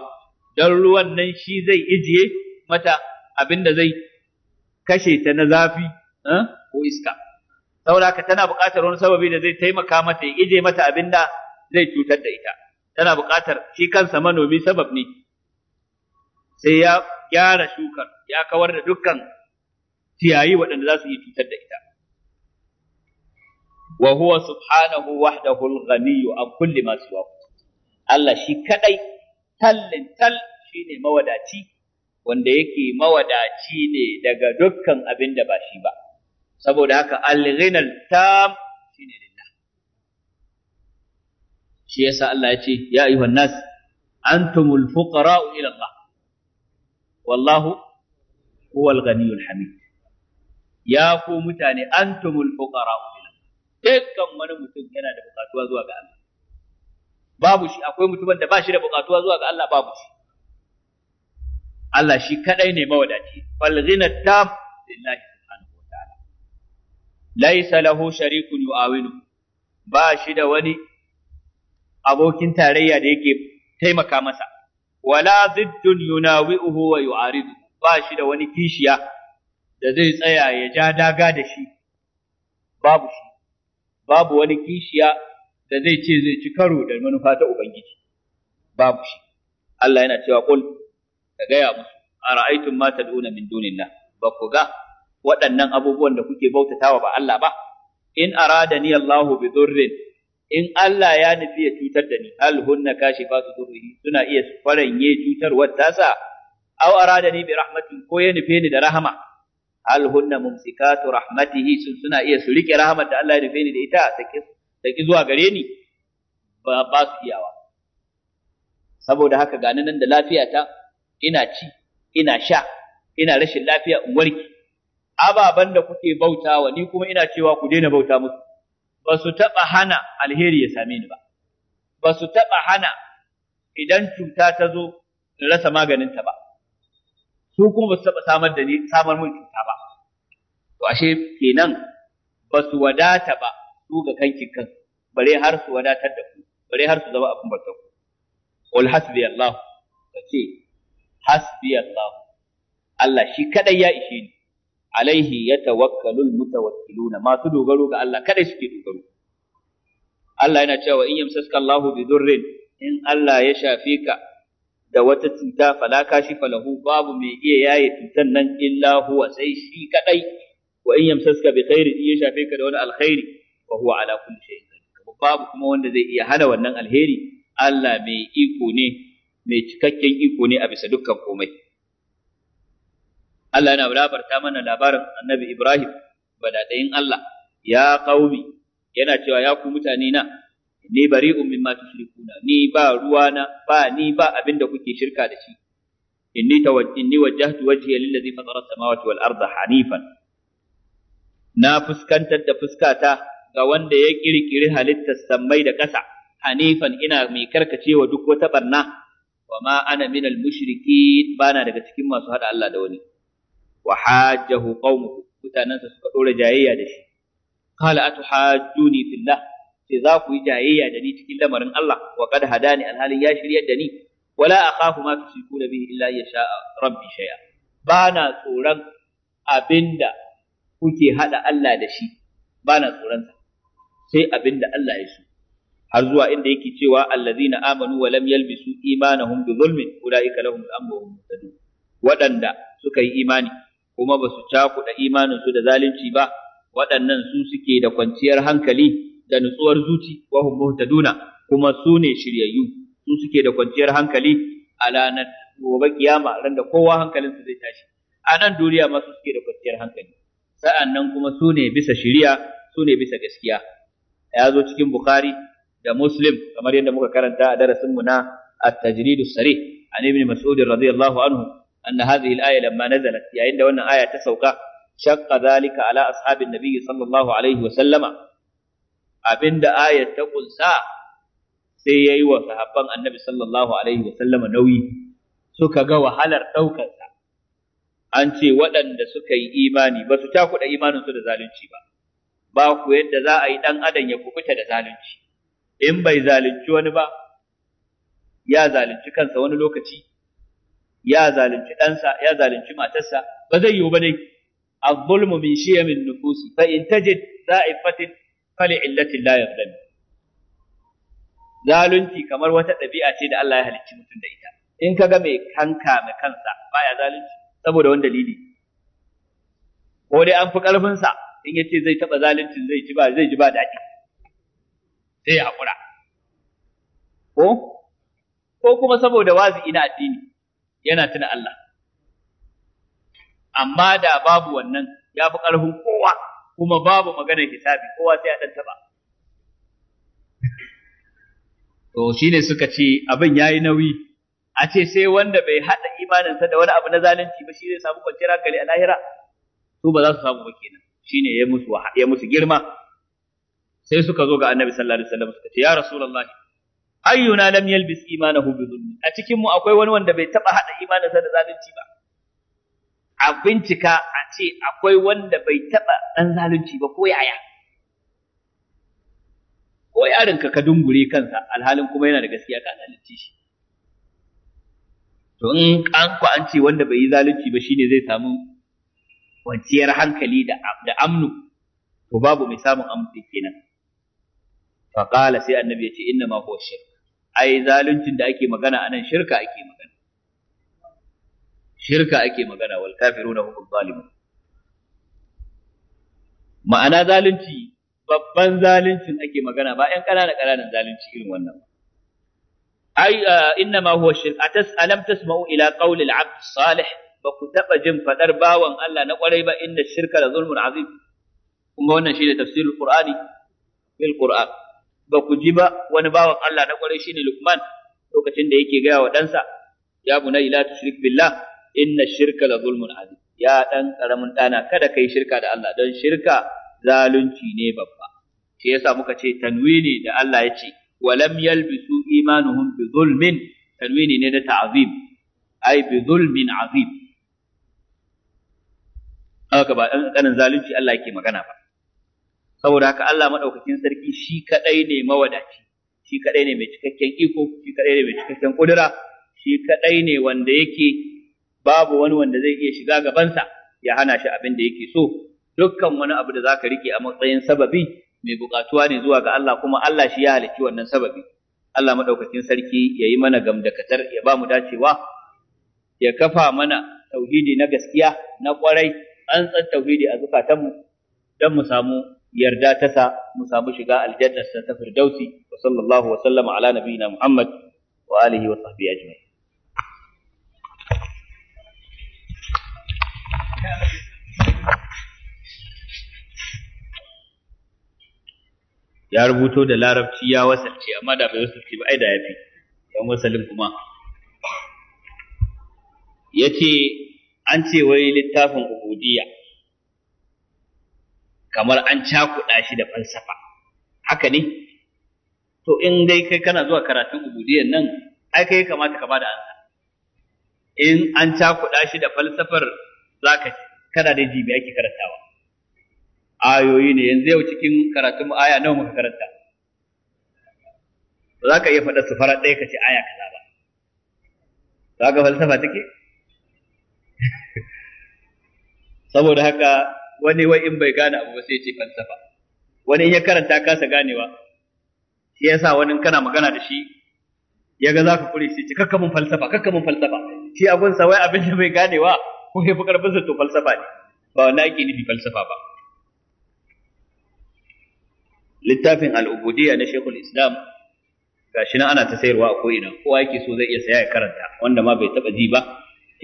dan ruwan nan shi zai ijiye mata abinda zai kashe ta na zafi eh, ko iska saboda tana buƙatar wani sababi da zai taimaka mata ya ije mata abin da zai cutar da ita tana buƙatar shi kansa manomi sabab ne sai ya gyara shukar ya kawar da dukkan ciyayi waɗanda za su yi cutar da ita wa huwa subhanahu wahdahu al-ghaniyyu an kulli ma siwa Allah shi kadai tallin tal shine mawadaci wanda yake mawadaci ne daga dukkan abinda ba shi ba saboda haka al-ghinal tam shine lillah shi yasa Allah ya ce ya ayyuhan nas antumul fuqara'u ila Allah wallahu huwal ghaniyul hamid ya ku mutane antumul fuqara'u ila dukkan wani mutum yana da bukatuwa zuwa ga Allah babu shi akwai mutumin da ba shi da bukatuwa zuwa ga Allah babu shi Allah shi kadai ne mawadaci fal ghinat tam lillahi laisa lahu sharikun yu'awinu ba shi da wani abokin tarayya da yake taimaka masa wala ziddun yunawi'uhu wa yu'aridu ba shi da wani kishiya da zai tsaya ya ja daga da shi babu shi babu wani kishiya da zai ce zai ci karo da manufa ta ubangiji babu shi Allah yana cewa kul ka gaya musu ara'aytum ma tad'una min dunillah ba ku ga waɗannan abubuwan da kuke wa ba Allah ba in aradani Allahu bi durrin in Allah ya nufi ya cutar da ni hal hunna kashifatu durrihi suna iya cutar faranye cutarwar tasa aw aradani bi rahmatin ko ya nufe ni da rahama hal hunna mumsikatu rahmatihi suna iya su rike rahmar da Allah ya nufi ni da ita ki zuwa gare ni ba ba su iyawa saboda haka gani nan da lafiyata ina ci ina sha ina rashin lafiya in warke ababan da kuke bautawa ni kuma ina cewa ku daina bauta musu ba su taɓa hana alheri ya same ni ba ba su taɓa hana idan cuta ta zo in rasa maganinta ba su kuma ba su taɓa samar da ni samar mun cuta ba to ashe kenan ba su wadata ba su ga kanki kan bare har su wadatar da ku bare har su zama abin barkar ku wal hasbi Allah kace hasbi Allah Allah shi kadai ya ishe ni alaihi yatawakkalul mutawakkiluna masu dogaro ga Allah kada suke dogaro Allah yana cewa in yamsaska Allahu bi durrin in Allah ya shafe ka da wata cuta fala kashi falahu babu mai iya yaye cutan nan illa huwa sai shi kadai wa in yamsaska bi khairin in ya shafe ka da wani alkhairi wa huwa ala kulli shay'in qadir babu kuma wanda zai iya hana wannan alheri Allah mai iko ne mai cikakken iko ne a bisa dukkan komai Allah yana labarta mana labarin annabi Ibrahim badadayin Allah ya qaumi yana cewa ya ku mutane na ni bari'un mimma tushrikuna ni ba ruwana ba ni ba abin da kuke shirka da shi inni tawajjini wajjahtu wajhiya lillazi fatara samawati wal arda hanifan na fuskantar da fuskata ga wanda ya kirkiri halittar sammai da ƙasa hanifan ina mai karkacewa duk wata barna wa ma ana minal mushrikin bana daga cikin masu hada Allah da wani wa hajjahu qaumuhu mutanansa suka dora jayayya da shi qala atuhajjuni fillah sai za ku yi jayayya da ni cikin lamarin Allah wa qad hadani alhalin ya shirya da ni wala akhafu ma tushrikuna bihi illa yasha rabbi shay'a na tsoron abinda kuke hada Allah da shi na tsoron sai abinda Allah ya so har zuwa inda yake cewa allazina amanu wa lam yalbisu imanahum bi zulmin ulaika lahum amru wa muhtadun Waɗanda suka yi imani kuma ba su cakuɗa imaninsu da zalunci ba waɗannan su suke da kwanciyar hankali da nutsuwar zuci wa hum muhtaduna kuma su ne shiryayyu su suke da kwanciyar hankali a ranar gobe kiyama ran da kowa hankalinsa zai tashi a nan duniya ma su suke da kwanciyar hankali sa'an nan kuma su ne bisa shiriya su ne bisa gaskiya ya zo cikin bukhari da muslim kamar yadda muka karanta a darasinmu na at-tajridus sarih an ibn mas'ud radiyallahu anhu anna hadhihi na aya lamma nazalat yayin da wannan aya ta sauka shaqqa zalika ala ashabin nabi sallallahu alaihi wa abinda ayar ta kunsa sai yayi wa sahabban annabi sallallahu alaihi wa sallama nauyi suka ga wahalar daukar sa an ce waɗanda suka yi imani ba su takuda da zalunci ba ba ku yadda za a yi dan adam ya kubuta da zalunci in bai zalunci wani ba ya zalunci kansa wani lokaci ya zalunci ɗansa ya zalunci matarsa ba zai yiwu ba dai az-zulmu min shiyamin nufusi fa in tajid za'ifatin fali illatin la yadhlim zalunci kamar wata ɗabi'a ce da Allah ya halicci mutum da ita in ka ga mai kanka mai kansa baya zalunci saboda wani dalili ko dai an fi karfin sa in yace zai taba zalunci zai ji ba zai ji ba daɗi sai ya hakura ko ko kuma saboda wazi ina addini yana tuna Allah amma da babu wannan ya fi ƙarfin kowa kuma babu maganar hisabi kowa sai a ɗan taɓa to shine suka ce abin yayi nauyi a ce sai wanda bai haɗa imaninsa da wani abu na zalunci ba shi zai samu kwanciyar hankali a lahira su ba za su samu ba kenan shine ya musu ya musu girma sai suka zo ga annabi sallallahu alaihi wasallam suka ce ya rasulullahi ayyuna lam yalbis imanahu bi dhulmi a cikin mu akwai wani wanda bai taba hada sa da zalunci ba a bincika a ce akwai wanda bai taba dan zalunci ba ko yaya ko yarin ka dungure kansa alhalin kuma yana da gaskiya ka zalunci shi to in an ku an ce wanda bai yi zalunci ba shine zai samu kwanciyar hankali da da amnu to babu mai samun amfani kenan fa qala sai annabi ya ce inna ma huwa shirk ai zaluncin da ake magana anan shirka ake magana shirka ake magana wal kafiruna hum zalimun ma'ana zalunci babban zaluncin ake magana ba ƴan ƙanana ƙananan zalunci irin wannan ai inna ma huwa shirk atas alam tasma'u ila qawli al-abd salih ba ku taɓa jin faɗar bawan Allah na kwarai ba inna shirka la zulmun azim kuma wannan shine tafsirul qur'ani bil qur'an ba ku ji ba wani bawan Allah na kwarai shine Luqman lokacin da yake gaya wa ɗansa ya bunayya la tushrik billah inna shirka la zulmun azim ya ɗan ƙaramin ɗana kada ka yi shirka da Allah don shirka zalunci ne babba shi yasa muka ce tanwini da Allah ya ce walam yalbisu imanuhum bi zulmin tanwini ne da ta'zim ai bi zulmin azim haka ba ɗan ƙanin zalunci Allah yake magana ba saboda haka Allah madaukakin sarki shi kadai ne mawadaci shi kadai ne mai cikakken iko shi kadai ne mai cikakken kudura shi kadai ne wanda yake babu wani wanda zai iya shiga gabansa ya hana shi abin da yake so dukkan wani abu da zaka rike a matsayin sababi mai bukatuwa ne zuwa ga Allah kuma Allah shi ya halicci wannan sababi Allah madaukakin sarki ya yi mana gamdakatar ya ba mu dacewa ya kafa mana tauhidi na gaskiya na kwarai an tsar tauhidi a zukatanmu don mu samu yarda ta sa mu samu shiga aljannar sa ta firdausi wa sallallahu wa sallama ala nabiyina muhammad wa alihi wa sahbihi ajma'in ya rubuto da larabci ya wasalce amma da bai wasalce ba ai da yafi dan wasalin kuma yace an ce wai littafin ubudiyya kamar an cakuɗa shi da falsafa haka ne to in dai kai kana zuwa karatun ubudiyar nan ai kai kamata ka bada ansa in an cakuɗa shi da falsafar zaka kana da jibi ake karantawa ayoyi ne yanzu yau cikin karatun aya nawa muka karanta ba za ka iya faɗa su farar ɗaya ka ce aya kaza ba za ka falsafa take saboda haka wani wai in bai gane abu ba sai ce falsafa wani in ya karanta kasa ganewa shi yasa wani in kana magana da shi ya ga zaka kure sai ce kakka mun falsafa kakka mun falsafa shi abun sa wai abin da bai ganewa ko ya fi karfin sa to falsafa ne ba wani ake nufi falsafa ba littafin al'ubudiyya na Sheikhul Islam gashi nan ana ta sayarwa a ko'ina kowa yake so zai iya saya ya karanta wanda ma bai taba ji ba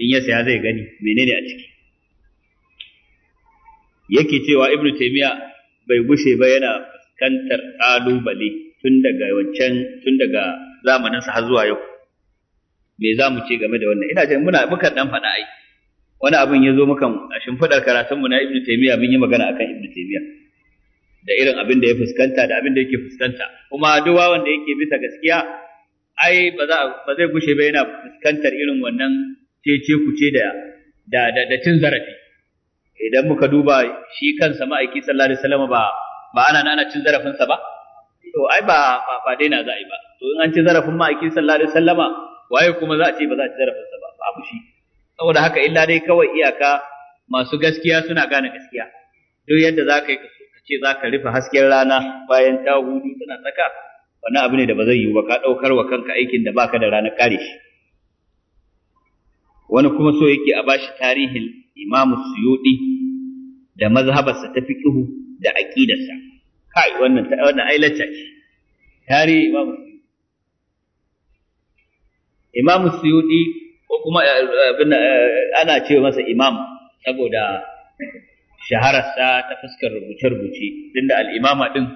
in ya saya zai gani menene a ciki yake cewa ibn taymiya bai gushe ba yana fuskantar kalubale tun daga wancan tun daga sa har zuwa yau me za mu ce game da wannan ina ce muna muka dan faɗa ai wani abin ya zo mukan a shimfiɗar karatunmu na ibn taymiya mun yi magana akan ibn taymiya da irin abin da ya fuskanta da abin da yake fuskanta kuma duk wanda yake bisa gaskiya ai ba za ba zai gushe ba yana fuskantar irin wannan cece kuce da da da cin zarafi idan muka duba shi kansa ma'aiki sallallahu alaihi wasallam ba ba ana ana cin zarafin sa ba to ai ba ba daina za a yi ba to in an ci zarafin ma'aiki sallallahu alaihi wasallam waye kuma za a ce ba za a ci zarafin sa ba babu shi saboda haka illa dai kawai iyaka masu gaskiya suna gane gaskiya duk yadda za ka yi ka ce za ka rufe hasken rana bayan ta hudu tana tsaka wannan abu ne da ba zai yiwu ba ka ɗaukar wa kanka aikin da baka da ranar kare shi wani kuma so yake a bashi tarihin imamu suyudi da mazhabarsa ta fiqihu da aqidarsa kai wannan wannan ai lacca ce tarihi imamu imamu ko kuma eh, eh, ana ce masa imam saboda shahararsa ta fuskar rubuce-rubuce tunda al'imama din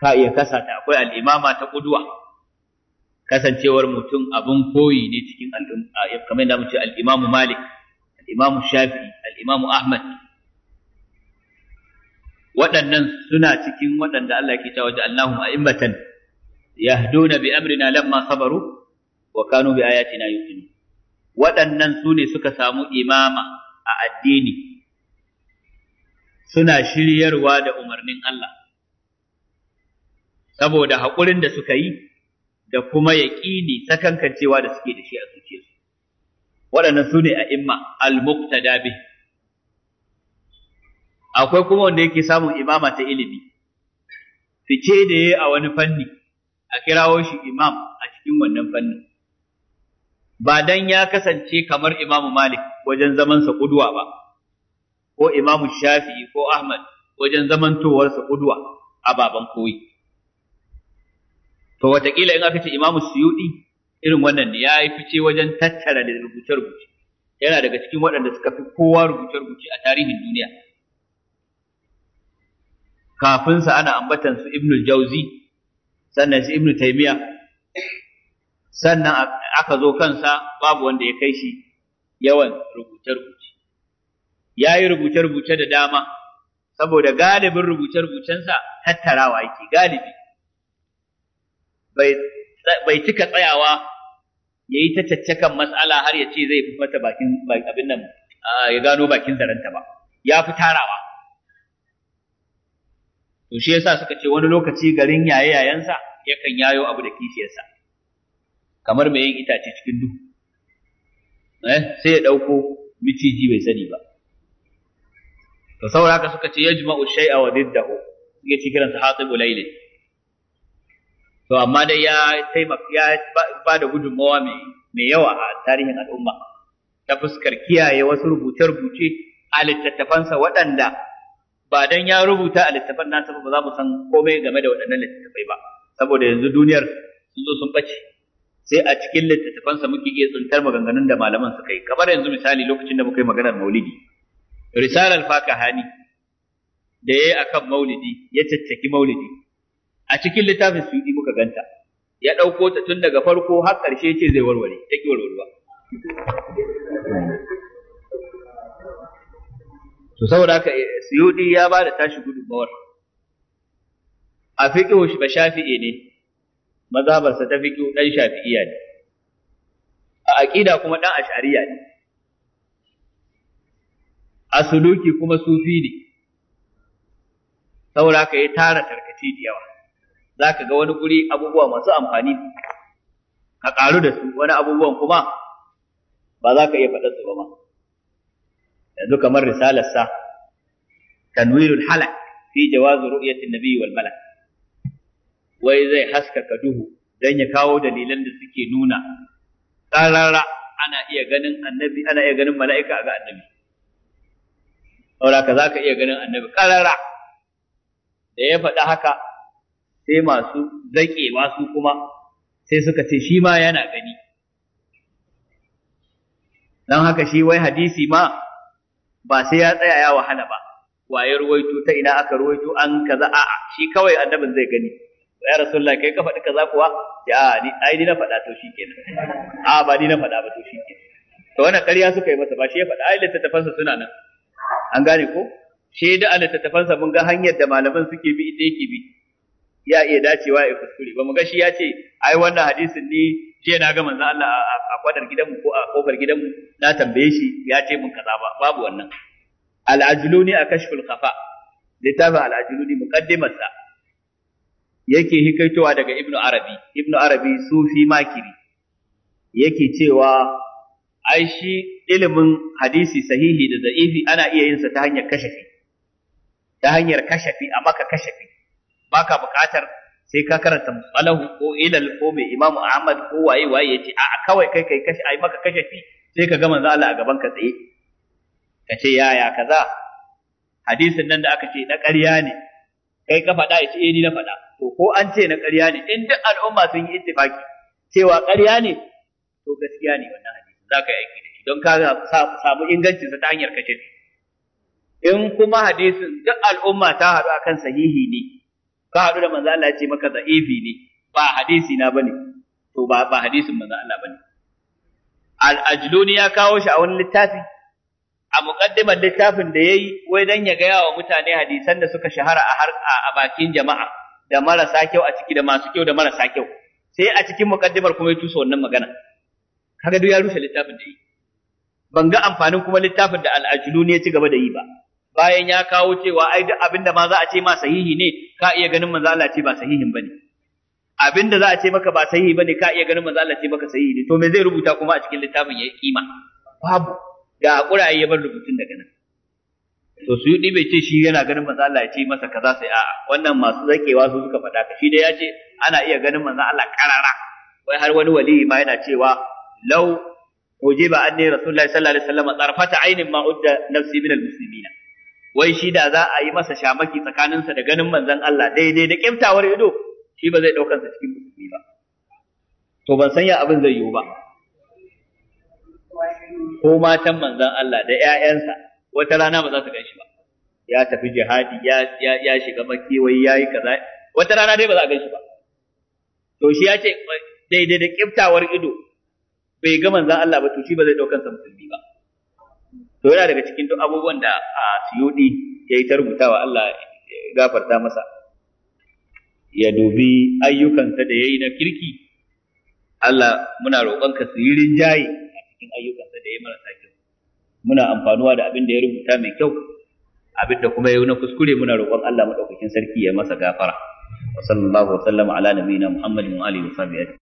ka iya kasata akwai al'imama ta kuduwa kasancewar mutum abin koyi ne cikin kamar da ce imam malik al'imamu shafi al-Imam ahmad waɗannan suna cikin waɗanda Allah ke cewa Allahu a'immatan yahduna bi amrina lamma sabaru wa kanu bi ayatina yuqinun waɗannan su ne suka samu imama a addini suna shiryarwa da umarnin Allah saboda haƙurin da suka yi da kuma yaƙini sakankancewa da suke da shi a zuciyarsu waɗannan su ne a imma al-muqtada bi akwai kuma wanda yake samun imama ta ilimi fice da yayi a wani fanni a kirawo shi imam a cikin wannan fannin ba dan ya kasance kamar imamu malik wajen zamansa kudwa ba ko imamu shafi'i ko ahmad wajen zamantowarsa kudwa a baban koyi to wataƙila in aka ce imamu suyudi irin wannan ne ya yi fice wajen tattara da rubuce-rubuce yana daga cikin waɗanda suka fi kowa rubuce-rubuce a tarihin duniya kafinsa ana ambatan su ibnu jauzi sannan su ibnu taimiya sannan aka zo kansa babu wanda ya kai shi yawan rubuce-rubuce ya yi rubuce-rubuce da dama saboda galibin rubuce-rubucensa tattarawa yake galibi bai cika tsayawa ya yi ta caccakan matsala har ya ce zai fi mata bakin abin nan ya gano bakin zaranta ba ya fi tarawa to shi yasa suka ce wani lokaci garin yaye yayansa yakan yayo abu da kishiyarsa kamar mai yin itace cikin duhu eh sai ya dauko miciji bai sani ba to saboda haka suka ce yajma'u shay'a wa diddahu suke cikin kiransa hatibul laylin to amma dai ya taimaka ya ba da gudunmawa mai yawa a tarihin al'umma ta fuskar kiyaye wasu rubuce-rubuce a littattafansa waɗanda ba dan ya rubuta a littattafan nasa ba za mu san komai game da waɗannan littattafai ba saboda yanzu duniyar sun zo sun ɓace sai a cikin littattafansa muke iya tsuntar maganganun da malaman suka yi kamar yanzu misali lokacin da muka yi maganar maulidi risalar fakahani da ya yi akan maulidi ya caccaki maulidi a cikin littafin su ka ganta ya ɗauko ta tun daga farko har ƙarshe ce zai warware ta ki warwarewa to saboda haka eh, Siyudi ya ba da tashi gudunmawar a fiƙihu shi ba shafi'i ne Mazabarsa ta fiƙihu ɗan shafi'iya ne a aƙida kuma ɗan ash'ariya ne a suluki kuma sufi ne saboda haka ya tara tarkace da yawa za ka ga wani guri abubuwa masu amfani ka ƙaru da su wani abubuwan kuma ba za ka iya faɗa su ba ma yanzu kamar sa tanwirul halak fi jawazu ru'yatin nabiyyi wal malak wai zai haskaka duhu dan ya kawo dalilan da suke nuna tsarara ana iya ganin annabi ana iya ganin mala'ika ga annabi saboda ka za ka iya ganin annabi ƙarara da ya faɗi haka sai masu zaƙewa su kuma sai suka ce shi ma yana gani don haka shi wai hadisi ma ba sai ya tsaya ya wahala ba waye ruwaito ta ina aka ruwaito an kaza a'a shi kawai annabin zai gani ya rasulullah kai ka faɗi kaza kuwa ya ni ai ni na faɗa to kenan a ba ni na faɗa ba to kenan to wannan ƙarya suka yi masa ba shi ya faɗa ai littattafansa suna nan an gane ko shi da a littattafansa mun ga hanyar da malaman suke bi ita yake bi ya iya dacewa ya kuskure ba mu ga shi ya ce ai wannan hadisin ne je na ga manzo Allah a kwadar mu ko a kofar mu? na tambaye shi ya ce mun kaza ba babu wannan al-ajluni a kashful khafa littafin al-ajluni muqaddimata yake hikaitowa daga ibnu arabi ibnu arabi sufi makiri yake cewa ai shi ilimin hadisi sahihi da da'ifi ana iya yin sa ta hanyar kashafi ta hanyar kashafi a maka kashafi baka buƙatar sai ka karanta balahu ko ilal ko mai imamu ahmad ko waye waye yace a kawai kai kai kashi ai maka fi sai ka ga manzo Allah a gaban ka tsaye ka ce yaya kaza hadisin nan da aka ce na ƙarya ne kai ka faɗa ya ce eh ni na faɗa to ko an ce na ƙarya ne in duk al'umma sun yi ittifaki cewa ƙarya ne to gaskiya ne wannan hadisi za ka yi aiki da shi don ka samu ingancin sa ta hanyar kashe in kuma hadisin duk al'umma ta haɗu akan sahihi ne ka haɗu da manzo Allah ya ce maka za'ifi ne ba hadisi na bane to ba ba hadisin manzo Allah bane al-ajluni ya kawo shi a wani littafi a muqaddimar littafin da yayi wai dan ya gaya wa mutane hadisan da suka shahara a a bakin jama'a da marasa kyau a ciki da masu kyau da marasa kyau sai a cikin muqaddimar kuma ya tusa wannan magana kaga duk ya rushe littafin da yi ban ga amfanin kuma littafin da al-ajluni ya ci gaba da yi ba bayan ya kawo cewa ai duk abinda ma za a ce ma sahihi ne ka iya ganin manzo Allah ce ba sahihin bane abinda za a ce maka ba sahihi bane ka iya ganin manzo Allah ce maka sahihi ne to me zai rubuta kuma a cikin littafin ya kima babu ga kuraye ya bar rubutun daga nan to su yi bai ce shi yana ganin manzo Allah ya ce masa kaza sai a'a wannan masu zakewa su suka faɗa ka shi da ya ce ana iya ganin manzo Allah karara wai har wani wali ma yana cewa law ujiba anni rasulullahi sallallahu alaihi wasallam tsarfata ainin ma udda nafsi min almuslimina wai shi da za a yi masa shamaki tsakaninsa da ganin manzon Allah daidai da kimtawar ido shi ba zai ɗaukansa cikin musulmi ba to ban san ya abin zai yiwu ba ko matan manzon Allah da ƴaƴansa wata rana ba za su gan shi ba ya tafi jihadi ya ya, ya shiga makewayi ya yi kaza wata rana dai ba za a gan shi ba to shi ya ce daidai da kiftawar ido bai ga manzon Allah ba to shi ba zai ɗaukansa musulmi ba to yana daga cikin duk abubuwan da a suyudi ya yi ta rubutawa Allah gafarta masa ya dubi ayyukansa da ya yi na kirki Allah muna roƙonka ka yi jayi a cikin ayyukansa da ya marasa kyau muna amfanuwa da abin da ya rubuta mai kyau abin da kuma ya na kuskure muna roƙon Allah maɗaukakin sarki ya masa gafara wa sallallahu wa sallam ala nabiyina muhammadin wa alihi wa sahbihi